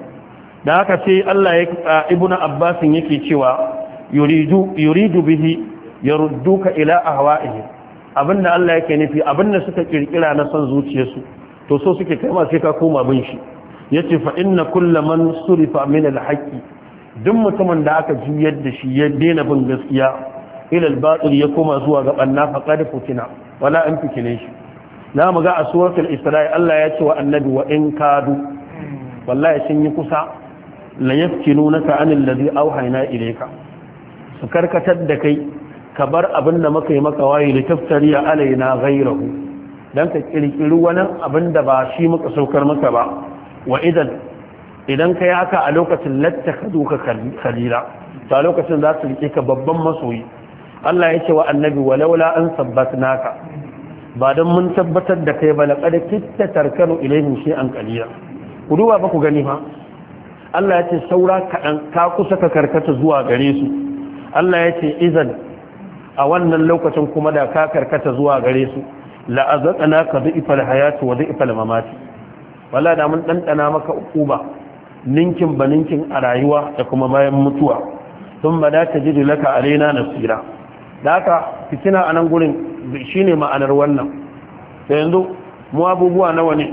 da haka sai Allah ya ibnu abbasin yake cewa yuridu bihi bihi yarudduka ila ahwa'ihim abinda Allah yake nufi abinda suka kirkira na son zuciyarsu to so suke kai sai ka koma bin shi ce fa inna kullaman surifa min alhaqi duk mutumin da aka juyar da shi ya daina bin gaskiya Ilal albatil ya koma zuwa ga ɓanna fa qad futina wala an fitine shi na muga a suratul isra'i Allah ya ce wa annabi wa in kadu wallahi sun yi kusa la yaftinunaka anil ladhi awhayna ilayka su karkatar da kai ka bar abin da maka yi maka waye da taftari a alaina gairahu don ka kirkiri wani abin da ba shi muka saukar maka ba wa idan idan ka yi haka a lokacin latta ka duka kalila ta lokacin za su rike ka babban masoyi Allah ya ce wa annabi walaula an naka. ba don mun tabbatar da kai ba laƙar kitta tarkanu ilaihim shi an kalila ku duba ba ku gani ba Allah ya ce saura kaɗan ka kusa ka karkata zuwa gare su Allah ya ce izan a wannan lokacin kuma da ka karkata zuwa gare su la'azaqana ka du'ifal hayatu wa du'ifal mamati wala da mun dandana maka ukuba ninkin ba ninkin a rayuwa da kuma bayan mutuwa ba da ta jidu laka alaina nasira da haka fitina a nan gurin shine ma'anar wannan sai yanzu mu abubuwa nawa ne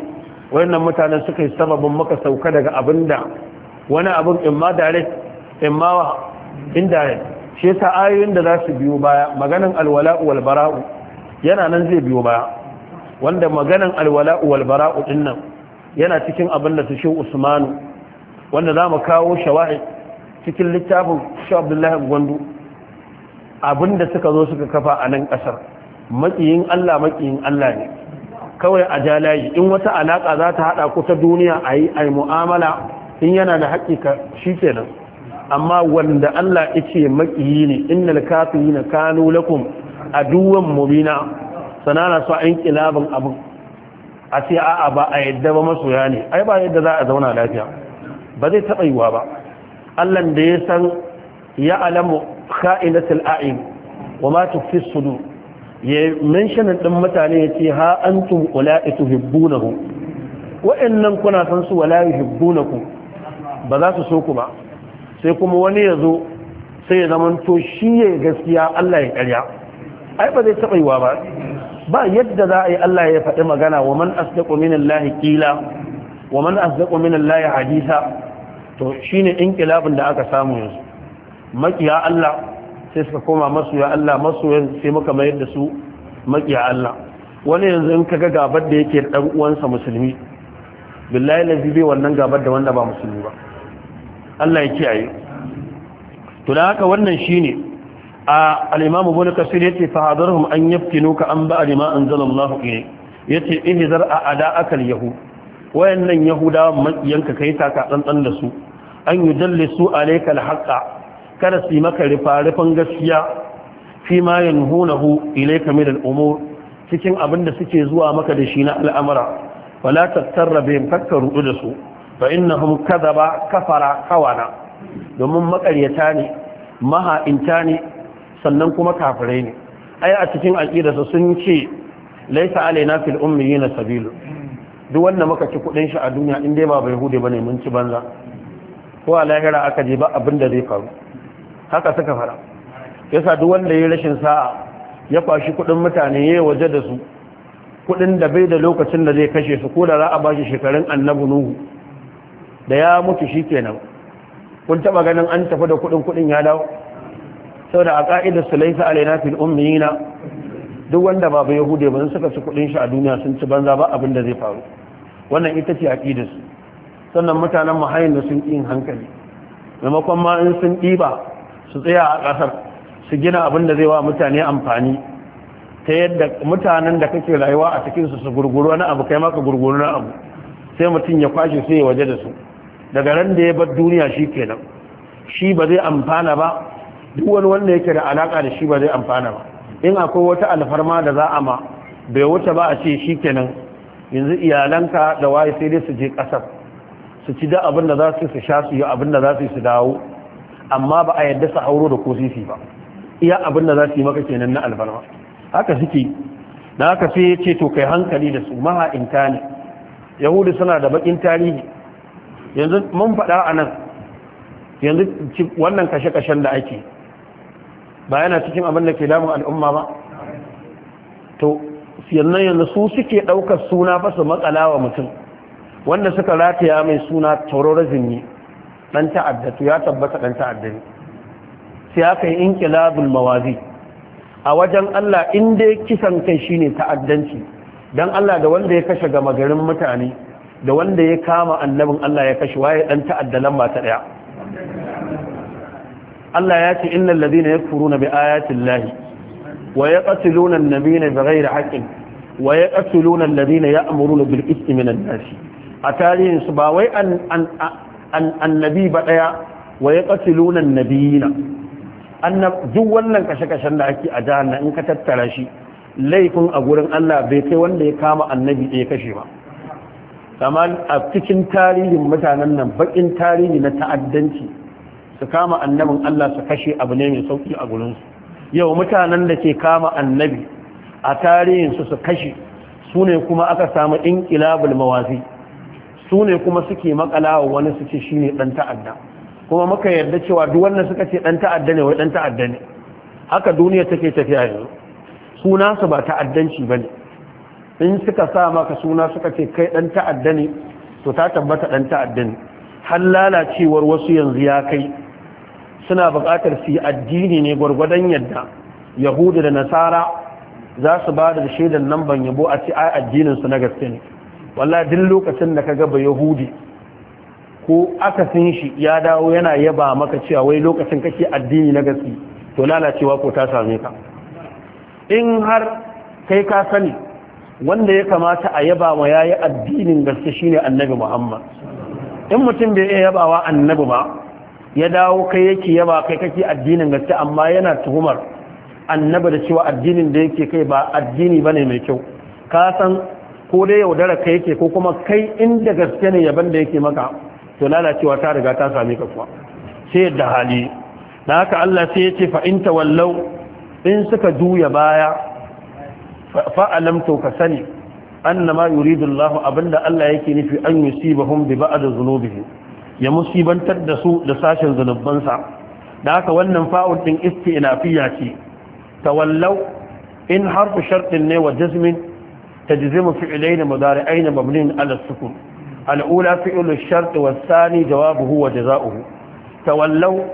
wayannan mutanen suka yi sababin maka sauka daga abinda wani abin imma direct imma indirect shi ta ayoyin da za su biyo baya maganin alwala'u wal bara'u yana nan zai biyo baya wanda maganan alwala'u wal bara'u din nan yana cikin abin da su shi Usmanu wanda za mu kawo shawahi cikin littafin shi Abdullahi Gwandu abin da suka zo suka kafa a nan ƙasar. makiyin Allah makiyin Allah ne kawai a jalayi in wata alaka za ta hada ku ta duniya ayi yi mu'amala in yana da haƙƙi ka shi kenan amma wanda Allah yace makiyi ne innal kafirina kanu lakum aduwwan mubina sanana su an kilabin abin a ce a'a ba a yadda ba masoya ne ai ba yadda za a zauna lafiya ba zai taɓa yiwa ba Allah da ya san ya alamu kha'inatul a'in wa ma tukfi sudur ya mentionin din mutane ya ce ha antum ula'i tuhibbunahu wa'annan kuna san su wala yuhibbunakum ba za su so ku ba sai kuma wani ya zo sai ya zama to shi ya gaskiya Allah ya karya ai ba zai taɓa yiwa ba ba yadda za a yi Allah ya faɗi magana wa man asdaqu minallahi qila wa man asdaqu minallahi hadisa to shine inkilabin da aka samu yanzu makiya Allah sai suka koma ya Allah masu sai muka mayar da su makiya Allah wani yanzu in kaga gabar da yake da dan uwansa musulmi billahi lazi bai wannan gabar da wanda ba musulmi ba Allah ya kiyaye to da haka wannan shine a al-imam ibn yace fa hadarhum an ka an ba'd ma anzalallahu ilayk yace ihzar a ada akal yahud wayannan yahuda yanka kai taka tsantsan da su an yudallisu alayka al-haqqa kada su maka rifarifan gaskiya fi ma yanhunahu ilayka min al-umur cikin abinda suke zuwa maka da shi na al'amara wala tattarra bihim ruɗu da su fa innahum kadhaba kafara kawana domin makaryata ne maha'inta ne sannan kuma kafirai ne ai a cikin su sun ce laisa alaina fil ummiyina sabilu duk wanda muka ci kudin shi a duniya in dai ba bai hude bane mun ci banza ko a lahira aka je ba abin da zai faru haka suka fara yasa duk wanda ya rashin sa'a ya kwashi kudin mutane yayi waje da su kudin da bai da lokacin da zai kashe su ko da za a bashi shekarun annabi nuhu da ya mutu shi ke nan, kun taba ganin an tafi da kudin kudin ya dawo sau da a ka'idar su laisa alaina fil ummiyina duk wanda babu yahude ba suka ci kudin shi a duniya sun ci banza ba abin da zai faru wannan ita ce aqidar su sannan mutanen mahayin da sun yin hankali maimakon ma in sun ɗiba su tsaya a ƙasar su gina abin da zai wa mutane amfani ta yadda mutanen da kake rayuwa a cikinsu su gurguru wani abu kai maka gurguru na abu sai mutum ya kwashe sai ya waje da su daga ran da ya bar duniya shi kenan shi ba zai amfana ba duk wani wanda yake da alaka da shi ba zai amfana ba in akwai wata alfarma da za a ma bai wuce ba a ce shi kenan yanzu iyalanka da waye sai dai su je kasar su ci da abin da za su su sha su yi abin da za su su dawo amma ba a yadda su hauro da ko sisi ba iya abin da za su yi maka kenan na alfarma haka suke da haka sai ya ce to kai hankali da su maha ne yahudu suna da bakin tarihi yanzu mun faɗa a nan yanzu wannan kashe-kashen da ake ba yana cikin abin da ke damun al'umma ba to yannan yanzu su suke ɗaukar suna ba su matsala wa mutum wanda suka rataya mai suna terrorism ne ɗan ta'adda ya tabbata ɗan ta'adda ne sai aka yi inkilabul mawazi a wajen Allah in dai kisan kai shine ta'addanci dan Allah da wanda ya kashe gama garin mutane da wanda ya kama annabin Allah ya kashe waye dan ta'adda lamba ta daya Allah ya ce innal ladina yakfuruna bi ayati llahi wa yaqtuluna an-nabiyina bighayri haqqin wa yaqtuluna alladhina ya'muruna bil ithmi minan nas a tarihin su ba wai an annabi ba daya wa yaqtuluna an-nabiyina annab duk wannan kashe-kashen da ake a jahannam in ka tattara shi laifin a gurin Allah bai kai wanda ya kama annabi ɗaya kashe ba kamar a cikin tarihin mutanen nan bakin tarihi na ta'addanci su kama annabin Allah su kashe abu ne mai sauki a gurinsu yau mutanen da ke kama annabi a tarihinsu su kashe su ne kuma aka samu inkilabul mawazi su ne kuma suke wa wani su ce shi ne dan ta'adda kuma muka yarda cewa duk wanda suka ce dan ta'adda ne wai dan ta'adda ne haka duniya take tafiya yanzu su nasu ba ta'addanci bane in suka sa maka suna suka ce kai dan ta'adda ne to ta tabbata dan ta'adda ne har lalacewar wasu yanzu ya kai suna buƙatar su yi addini ne gwargwadon yadda yahudu da nasara za su ba da shaidan nan ban yabo a ci ai addinin su na gaske ne wallahi duk lokacin da ka ga ba yahudi ko aka sin shi ya dawo yana yaba maka cewa wai lokacin kake addini na gaske to lalacewa ko ta same ka in har kai ka sani wanda ya kamata a yaba wa yayi addinin gaske shine annabi Muhammad in mutum bai iya yabawa annabi ba ya dawo kai yake yaba kai kake addinin gaske amma yana tuhumar annabi da cewa addinin da yake kai ba addini bane mai kyau ka san ko dai yaudara kai yake ko kuma kai inda gaske ne yaban da yake maka to lalacewa ta riga ta same ka kuwa sai yadda hali da haka Allah sai ya ce fa in tawallau in suka juya baya fa'alam to ka sani annama yuridullahu abinda Allah yake nufi an yusibahum bi da dhunubihim ya musibantar da su da sashen zunubansa da haka wannan fa'ul din istinafiya ce tawallau in harfi shartin ne wa jazmin tajzimu fi'layn mudari'ayn mabniin ala sukun al-ula shart wa ath-thani jawabuhu wa jazaohu tawallau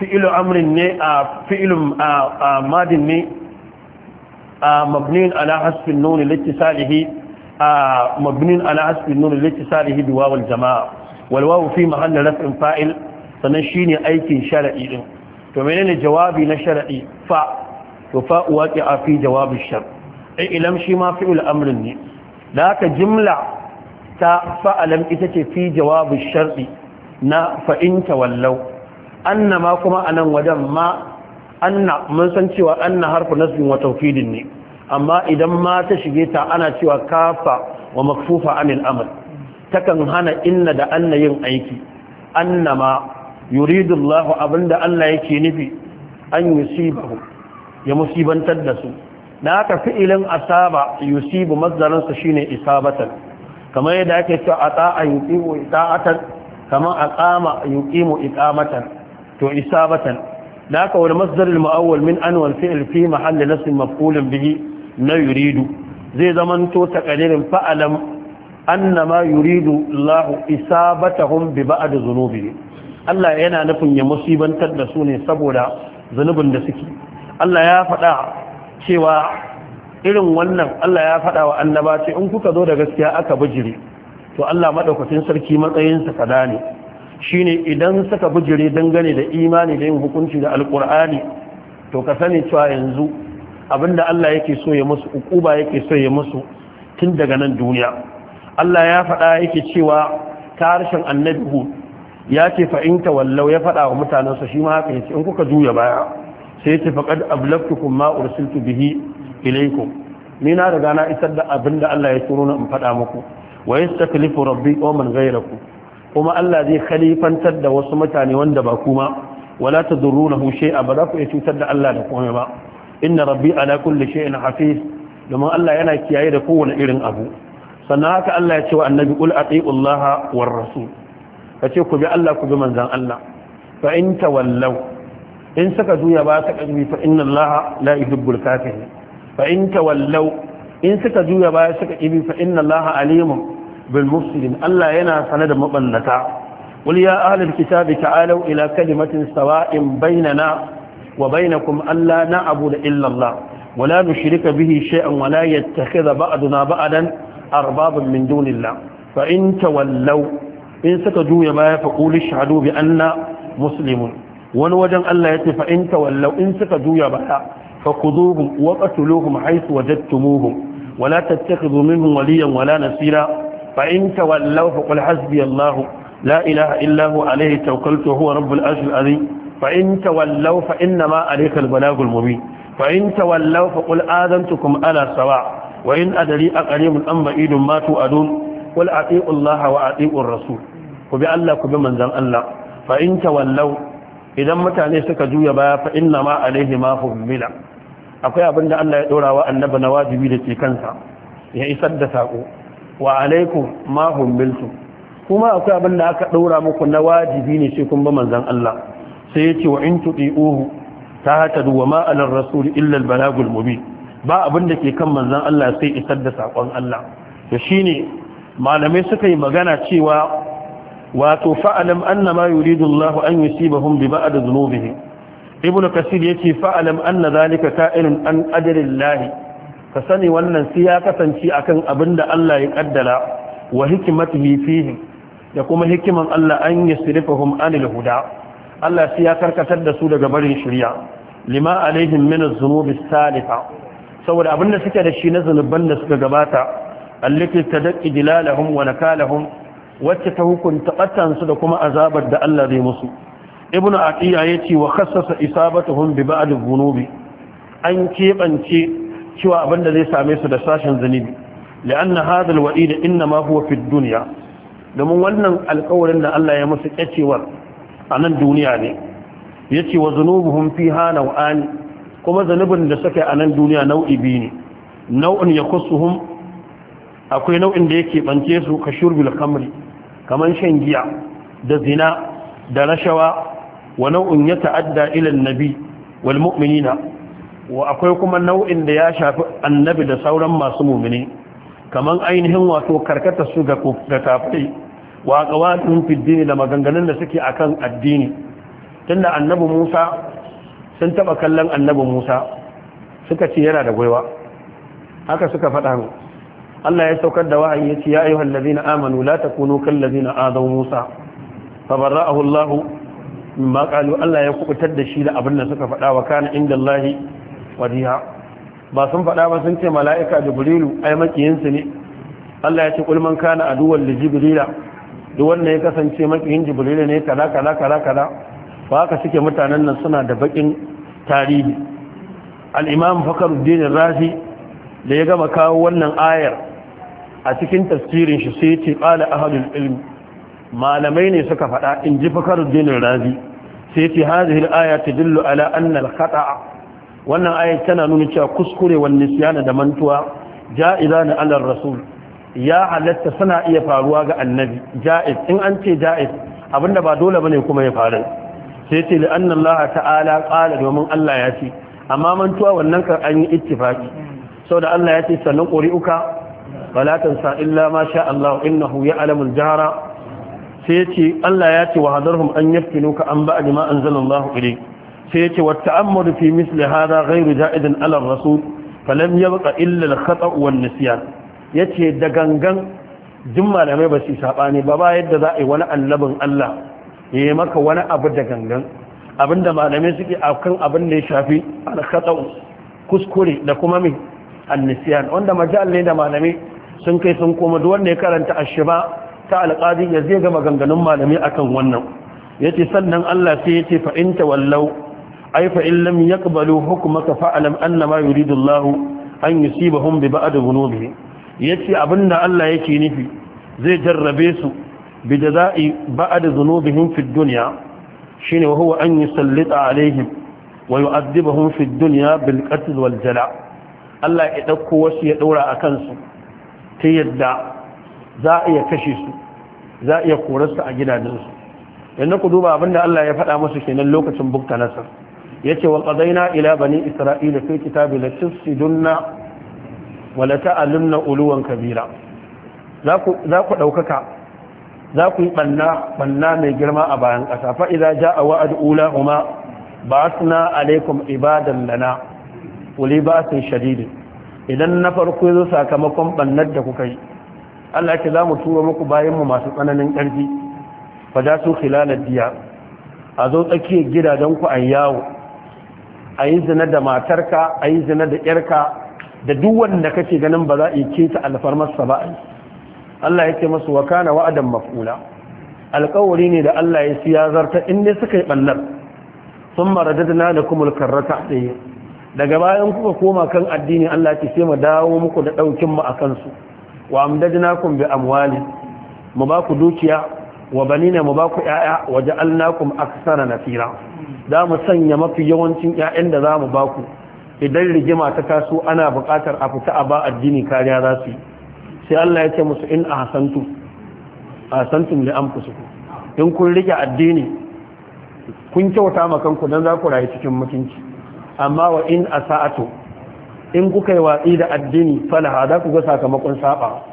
fi'ilu amrin ne a madin ne مبني على حسب النون لاتصاله مبني على حسب النون لاتصاله بواو الجماعة والواو في محل رفع فاعل سنشيني أيك شرعي ومنين جوابي نشرعي فا وفاء واقع في جواب الشر أي لم شي ما فعل أمر ذاك جملة فألم إتك في جواب الشر نا فإن تولوا أنما كما أنا ودم ما anna mun san cewa anna harfu nasbin wa tawkidin ne amma idan ma ta shige ta ana cewa kafa wa makfufa anil ta takan hana inna da anna yin aiki Anna ma yuridu Allahu abinda Allah yake nufi an yusibahu ya musibantar da su da aka fi'ilin asaba yusibu mazdarin su shine isabatan kamar yadda ake cewa ata'a yuqimu ita'atan kamar aqama yuqimu iqamatan to isabatan ذاك والمصدر المؤول من أن والفعل في محل نفس مفعول به لا يريد زي زمن تو تقدير فألم أن ما يريد الله إصابتهم ببعض ذنوبهم الله ينا نفن يمصيبا تدسوني سبولا ذنوب النسكي الله يا فتاة سوى irin wannan Allah ya faɗa wa annaba ce in kuka zo da gaskiya aka bijire to Allah madaukakin sarki matsayinsa kada ne shine idan suka bijire dangane da imani da yin hukunci da alkur'ani to ka sani cewa yanzu abinda Allah yake so ya musu ukuba yake so ya musu tun daga nan duniya Allah ya faɗa yake cewa ta harshen annabi hu ya ce fa in ya faɗa wa mutanensa shi ma haka yace in kuka juya baya sai ya ce faqad ablaftukum ma ursiltu bihi ilaykum ni na riga na isar da abinda Allah ya turo na in faɗa muku wa yastaklifu rabbi qauman ghayrakum kuma Allah zai khalifantar da wasu mutane wanda ba kuma wala tadurunahu shay'a ba za ku iya cutar da Allah da komai ba inna rabbi ala kulli shay'in hafiz domin Allah yana kiyaye da kowane irin abu sannan haka Allah ya ce wa annabi qul atiullaha war rasul ce ku bi Allah ku bi manzon Allah fa in tawallaw in saka juya ba ta kalbi fa inna Allah la yuhibbul kafirin fa in tawallaw in suka juya ba suka kibi fa inna allaha alimun bil Allah yana sane da mabannata qul ya ahlal kitabi ta'alu ila kalimatin sawa'in bainana wa bainakum alla na'budu illa Allah wa la nushrika bihi shay'an wa la yattakhidha ba'duna ba'dan arbaban min dunillah fa in tawallaw in suka juya baya fa qul ishhadu bi anna muslimun wani wajen Allah ya ce fa in tawallaw in suka juya baya fa khuduhum wa ولا تتخذوا منهم وليا ولا نصيرا فإن تولوا فقل حسبي الله لا إله إلا هو عليه توكلت وهو رب العرش العظيم فإن تولوا فإنما عليك البلاغ المبين فإن تولوا فقل آذنتكم على سواء وإن أدري أقريب أم بعيد ما توعدون قل أطيعوا الله وأطيعوا الرسول وبأن الله بمن ذن الله فإن تولوا إذا متى suka juya baya fa inna ma alaihi ma hummila akwai abinda Allah ya dora wa annabi na wajibi da ke kansa ya isar da sako wa alaikum ma humbiltu kuma akwai abin da aka ɗaura muku na wajibi ne sai kun ba manzan Allah sai ce wa in tudiuhu tahtadu wa ma alar rasul illal al balagul ba abin da ke kan manzan Allah sai isar da sakon Allah to shine malamai suka yi magana cewa wato fa'alam annama yuridu Allah an yusibahum bi ba'd dhunubihim ibnu kasir yace fa'alam anna zalika ta'ilun an ajri ka sani wannan sai ya kasance akan abin da Allah ya kaddara wa hikmatihi fihi da kuma hikiman Allah an yasrifahum anil huda Allah sai ya karkatar da su daga barin shirya. lima alaihim min az-zunubi salifa saboda abin da suke da shi na zanuban da suka gabata allati tadaqi dilalahum wa nakalahum wacce ta hukunta su da kuma azabar da Allah zai musu ibnu ya yace wa khassasa isabatuhum bi ba'd az-zunubi an kebance cewa abin da zai same su da sashen zunubi la'anna da inna inma huwa fi dunya domin wannan alƙawarin da Allah ya musu kacewar a nan duniya ne yace wa zunubuhum fiha naw'an kuma zunubin da suka a nan duniya nau'i biyu ne nau'in yakussuhum akwai nau'in da yake bance su ka shurbil kamri kamar shan giya da zina da rashawa wa nau'in ya ta'adda ilan annabi wal mu'minina wa akwai kuma nau'in da ya shafi annabi da sauran masu mumini kaman ainihin wato karkata su ga kafirai wa qawatin fiddini da maganganun da suke akan addini tunda annabi Musa sun taba kallon annabi Musa suka ce yana da gwiwa haka suka faɗa mu Allah ya saukar da wa'ayi ya ce ya ayyuhal ladina amanu la takunu kal ladina adaw Musa fa barra'ahu Allah mimma qalu Allah ya kubutar da shi da abin da suka faɗa wa kana wariya ba sun faɗa ba sun ce mala'ika jibrilu ai makiyinsu ne Allah ya ce kulman kana a da jibrila duk wanda ya kasance makiyin jibrilu ne kala kala kala kala ba haka suke mutanen nan suna da bakin tarihi al-imam fakhruddin razi da ya gama kawo wannan ayar a cikin tafsirin shi sai ce qala ahlul ilmi malamai ne suka faɗa in ji fakhruddin razi sai ce hadhihi aya aya dillu ala annal al-khata'a wannan ayat tana nuna cewa kuskure wan nisyana da mantuwa ja'izan ala rasul ya halatta sana iya faruwa ga annabi ja'iz in an ce ja'iz abinda ba dole bane kuma ya faru sai ce li'anna Allah ta'ala qala domin Allah ya ce amma mantuwa wannan kan an yi ittifaki saboda Allah ya ce sannan quri'uka wala tansa illa ma sha Allah innahu ya'lamu al-jahra sai ce Allah ya ce wa hadarhum an yaftinuka an ba'd ma anzalallahu ilayka sai yace wa ta'ammuru fi misli hada ghairu ja'idin ala rasul falam yabqa illa al-khata' wan nisyan yace da gangan duk malamai ba su sabani ba ba yadda za a yi wani annabin Allah ya yi maka wani abu da gangan abinda malamai suke akan abin da ya shafi al-khata' kuskure da kuma me an-nisyan wanda majal ne da malamai sun kai sun koma duk wanda ya karanta ashiba ta alqadi ya zai ga maganganun malamai akan wannan yace sannan Allah sai yace fa in tawallau ai fa in lam yaqbalu hukmaka fa'lam annama yuridu Allah an yusibahum bi ba'd dhunubihim yace abinda Allah yake nufi zai jarrabe su bi jaza'i ba'd dhunubihim fi dunya shine wa huwa an yusallita alaihim wa yu'adhibahum fi dunya bil qatl wal jala Allah ya dauko wasu ya daura akan su ta yadda za a iya kashe su za a iya korarsu a gidajensu yadda ku duba abinda Allah ya faɗa musu kenan lokacin bukta nasar ce wa qadaina ila bani isra'ila fi kitabi la tufsidunna wa la ta'alunna uluwan kabira za ku za za ku yi ɓanna mai girma a bayan kasa fa ja a wa'd ula huma ba'athna alaikum ibadan lana ba ba'sin shadidin idan na farko yazo sakamakon bannar da kuka yi Allah ya ce za mu tura muku bayan mu masu tsananin ƙarfi fa da su khilalad diya a zo tsakiyar gidajen ku an yawo a yi zina da matarka a yi zina da yarka da duk wanda kake ganin ba za a yi keta alfarmarsa ba a yi Allah ya ce masu wa kana wa'adan mafula alƙawari ne da Allah ya siya zarta in ne suka yi ɓallar sun maradadna da kumul karrata tsaye. daga bayan kuka koma kan addini Allah ce sai mu dawo muku da ɗaukin mu a kansu wa amdadnakum bi amwali mu ba ku dukiya wa banina mu ba ku ƴaƴa wa ja'alnakum aksara nasira za mu sanya mafi yawancin 'ya'yan da za mu baku idan rigima ta taso ana buƙatar a fita a ba addini kariya za su yi sai Allah ya ce musu in a hasantu a hasantun ne an in kun rike addini kun kyauta ma kanku don za ku rayu cikin mutunci amma wa in a in kuka yi watsi da addini falaha za ku ga sakamakon saba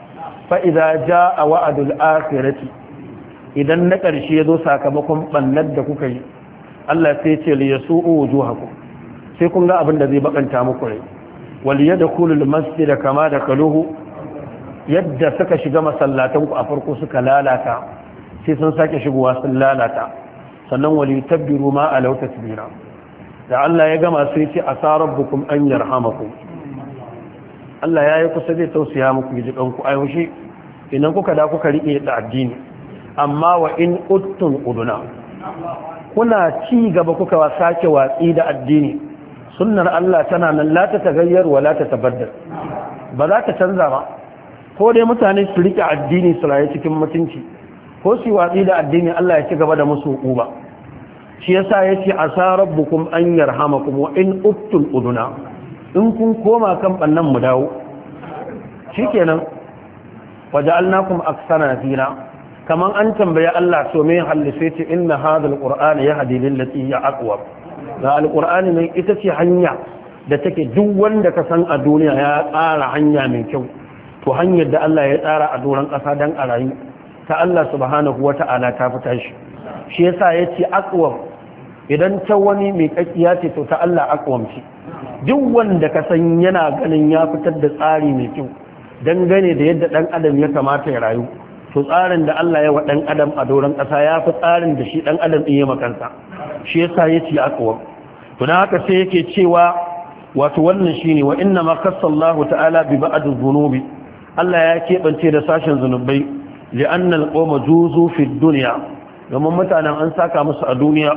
Fa'ida ja a wa'adul akhirati idan na ƙarshe ya zo sakamakon bannar da kuka yi Allah sai ce li yasu'u wujuhakum sai kun ga abin da zai bakanta muku rai wal yadkhulul masjid kama dakaluhu yadda suka shiga masallatan ku a farko suka lalata sai sun sake shigowa sun lalata sannan wal yutabbiru ma alaw tasbira da Allah ya gama sai ce asa rabbukum an yarhamakum Allah ya yi kusa zai tausaya muku ji ku a yaushe idan kuka da kuka rike da addini amma wa in uttun uduna kuna ci gaba kuka sake watsi da addini sunnar Allah tana nan la ta tagayyar wa ta tabaddal ba za ta canza ba ko dai mutane su rike addini su rayu cikin mutunci ko su watsi da addini Allah ya ci gaba da musu uba shi yasa yace asa rabbukum an yarhamakum wa in uftul uduna in kun koma kan bannan mu dawo shikenan waja'alnakum aksana nafira kaman an tambaya Allah so me halli ce inna hadhal qur'ana ya lil lati hiya aqwa da alqur'ani ne ita ce hanya da take duk wanda ka san a duniya ya tsara hanya mai kyau to hanyar da Allah ya tsara a doron ƙasa dan a rayu ta Allah subhanahu wata'ala ta fita shi shi yasa yace aqwa idan ta wani mai kakkiya ce to ta Allah aqwa shi duk wanda ka san yana ganin ya fitar da tsari mai kyau dangane da yadda dan adam ya kamata ya rayu to tsarin da Allah ya wa ɗan adam a doron ƙasa ya fi tsarin da shi ɗan adam ɗin ya makanta shi yasa ya ce aqwa to na haka sai yake cewa wato wannan shine wa inna ma kasallahu ta'ala bi ba'd Allah ya keɓance da sashen zunubai li'annal qawma juzu fi domin mutanen an saka musu a duniya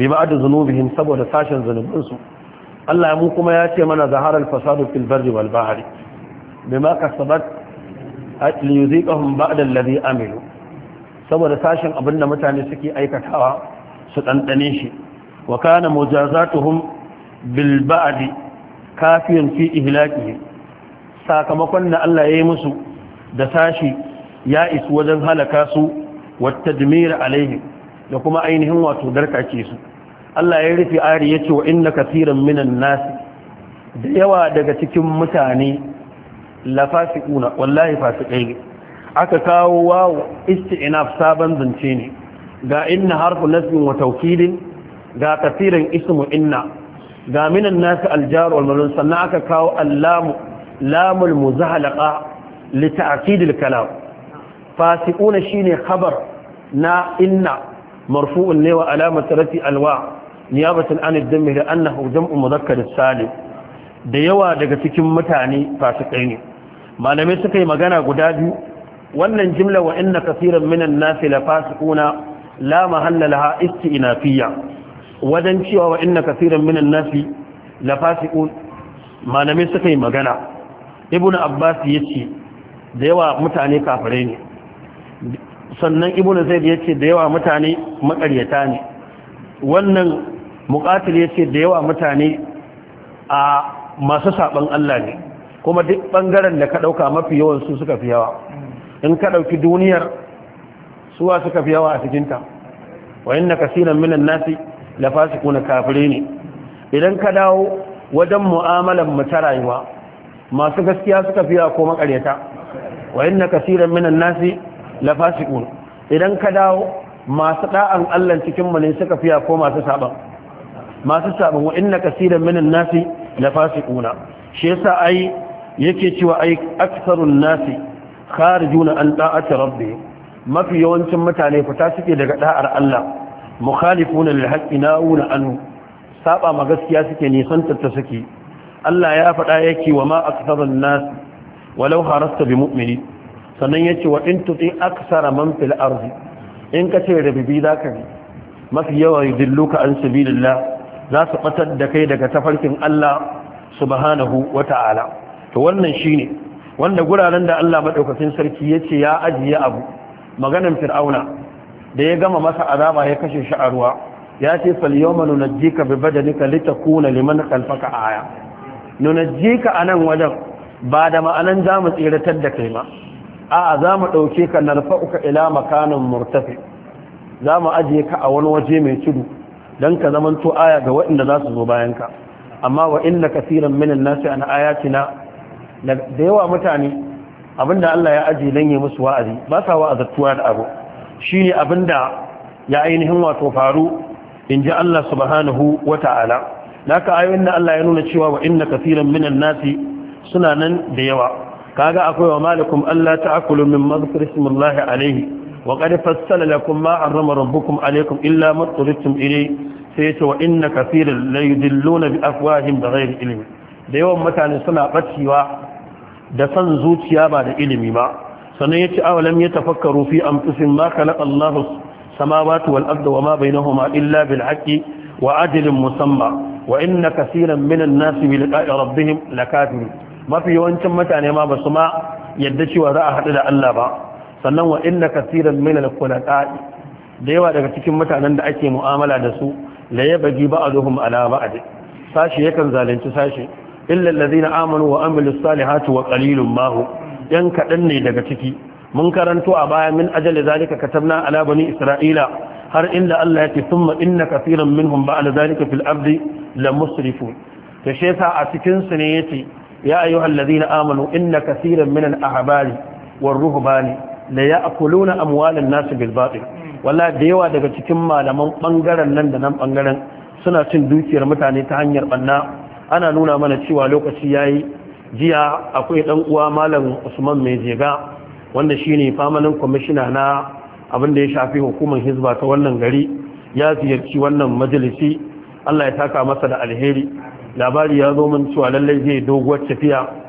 bi ba'd dhunubihim saboda sashen zunubinsu Allah mu kuma ya ce mana zaharar fasadu fil barri wal bahri bima kasabat liyuziqahum ba'da allazi amilu saboda sashin abinda mutane suke aikatawa su dandane shi wa kana mujazatuhum bil ba'di kafiyan fi ihlaqihi sakamakon da Allah yayi musu da sashi ya isu wajen halaka su wat tadmir alaihim da kuma ainihin wato darkace su Allah ya rufe ari yace wa inna kaseeran minan nas da yawa daga cikin mutane lafasiquna wallahi fasikai ne aka kawo wawu isti'naf sabon zance ne ga inna harfu nasbin wa tawkidin ga kasirin ismu inna ga minan nasu aljaru wal sannan aka kawo allamu lamul muzahalaqa li ta'kid al kalam shine khabar na inna marfu'un ne wa alamatu rafi alwa niyabatan an ad li annahu jam'u mudhakkar salim da yawa daga cikin mutane fasikai ne malamai suka yi magana guda biyu wannan jimla wa inna kafiran minan nasi la fasiquna la mahalla laha istinafiya wajen cewa wa inna kafiran minan nasi la fasiqun malamai suka yi magana ibnu abbas yace da yawa mutane kafare ne sannan ibnu zaid yace da yawa mutane makaryata ne wannan muqatil yace da yawa mutane a masu saban Allah ne kuma duk bangaren da ka dauka mafi yawan su suka fi yawa in ka dauki duniyar suwa suka fi yawa a cikinta, wa inna kaseeran minan nasi la fasiquna kafirin idan ka dawo wajen mu'amalan mu ta rayuwa masu gaskiya suka fi yawa ko makaryata wa inna kaseeran minan nasi la fasiquna idan ka dawo masu da'an Allah cikin mu ne suka yawa ko masu saban masu saban wa inna kaseeran minan nasi Na lafasikuna shi yasa ai yake cewa ai aksarun nasi kharijuna an da'ati rabbi mafi yawancin mutane fita suke daga ɗa'ar Allah mukhalifuna lil haqqi nauna anhu saba ma gaskiya suke nisan ta suke Allah ya faɗa yake wa ma aksarun nasi walau harasta bi mu'mini sannan yace wa in tuti aksara man fil ardi in da bibi zaka bi mafi yawa yudilluka an sabilillah za su batar da kai daga tafarkin Allah subhanahu wata'ala to wannan shine wanda guraren da Allah maɗaukacin sarki yace ya ajiye abu Maganin fir'auna da ya gama masa azaba ya kashe shi a ruwa ya ce fal yawma nunajjika bi badanika litakuna liman khalfaka aya nunajjika anan wajen ba da ma'anan za mu tsiratar da kai ma a'a za mu ɗauke ka narfa'uka ila makanin murtafi za mu ajiye ka a wani waje mai tudu dan ka zamanto aya ga waɗanda za su zo bayan ka amma wa inna kaseeran minan nasi an ayatina da yawa mutane abinda Allah ya aje dan yi musu wa'azi ba sa wa'azatuwa da abu shine abinda ya ainihin wato faru inji Allah subhanahu wata'ala naka ayoyin da Allah ya nuna cewa wa inna kaseeran minan nasi suna nan da yawa kaga akwai wa malikum Allah ta'kulu min mazkar ismillahi alayhi وقد فصل لكم ما حرم ربكم عليكم إلا ما اضطررتم إليه سيت وإن كثير لا يدلون بأفواههم بغير علم da yawan mutane suna bacewa da san zuciya ba da ilimi ba sannan yace awalam yatafakkaru fi anfusihim ma khalaqa Allahu samawati wal ardi wama bainahuma illa bil haqqi wa ajalin musamma wa inna kaseeran minan nasi bi liqa'i rabbihim lakafir mafi yawancin mutane ma basu ma yadda cewa za a haɗu da Allah ba sannan wa inna kasiran min al-khulaqa'i da yawa daga cikin mutanen da ake mu'amala da su la yabghi ba'dhum ala ba'd sashi yakan zalunci sashi illa alladhina amanu wa amilus salihati wa qalilum ma hum yan kadan ne daga ciki mun karanto a baya min ajali zalika katabna ala bani isra'ila har inda Allah yake thumma inna kasiran minhum ba'da zalika fil ardi la musrifun to shi yasa a cikin su ne yace ya ayyuhal ladina amanu inna kasiran min al ahbari warruhu ruhbani la ya akuluna amwalin nasu batil walla da yawa daga cikin malaman ɓangaren nan da nan bangaren suna cin dukiyar mutane ta hanyar banna ana nuna mana cewa lokaci yayi jiya akwai dan uwa malam Usman mai jega wanda shine famanin kwamishina na abin da ya shafi hukumar hizba ta wannan gari ya ziyarci wannan majalisi Allah ya taka masa da alheri labari ya zo min cewa lallai zai doguwar tafiya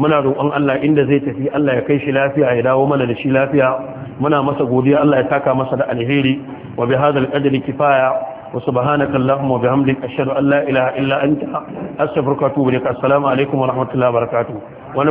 muna roƙon Allah inda zai tafi Allah ya kai shi lafiya ya dawo mana da shi lafiya muna masa godiya Allah ya taka masa da alheri wa bi hadha al-qadri kifaya wa subhanaka allahumma wa bihamdika ashhadu an la ilaha illa anta astaghfiruka wa atubu ilaik assalamu alaikum wa rahmatullahi wa barakatuh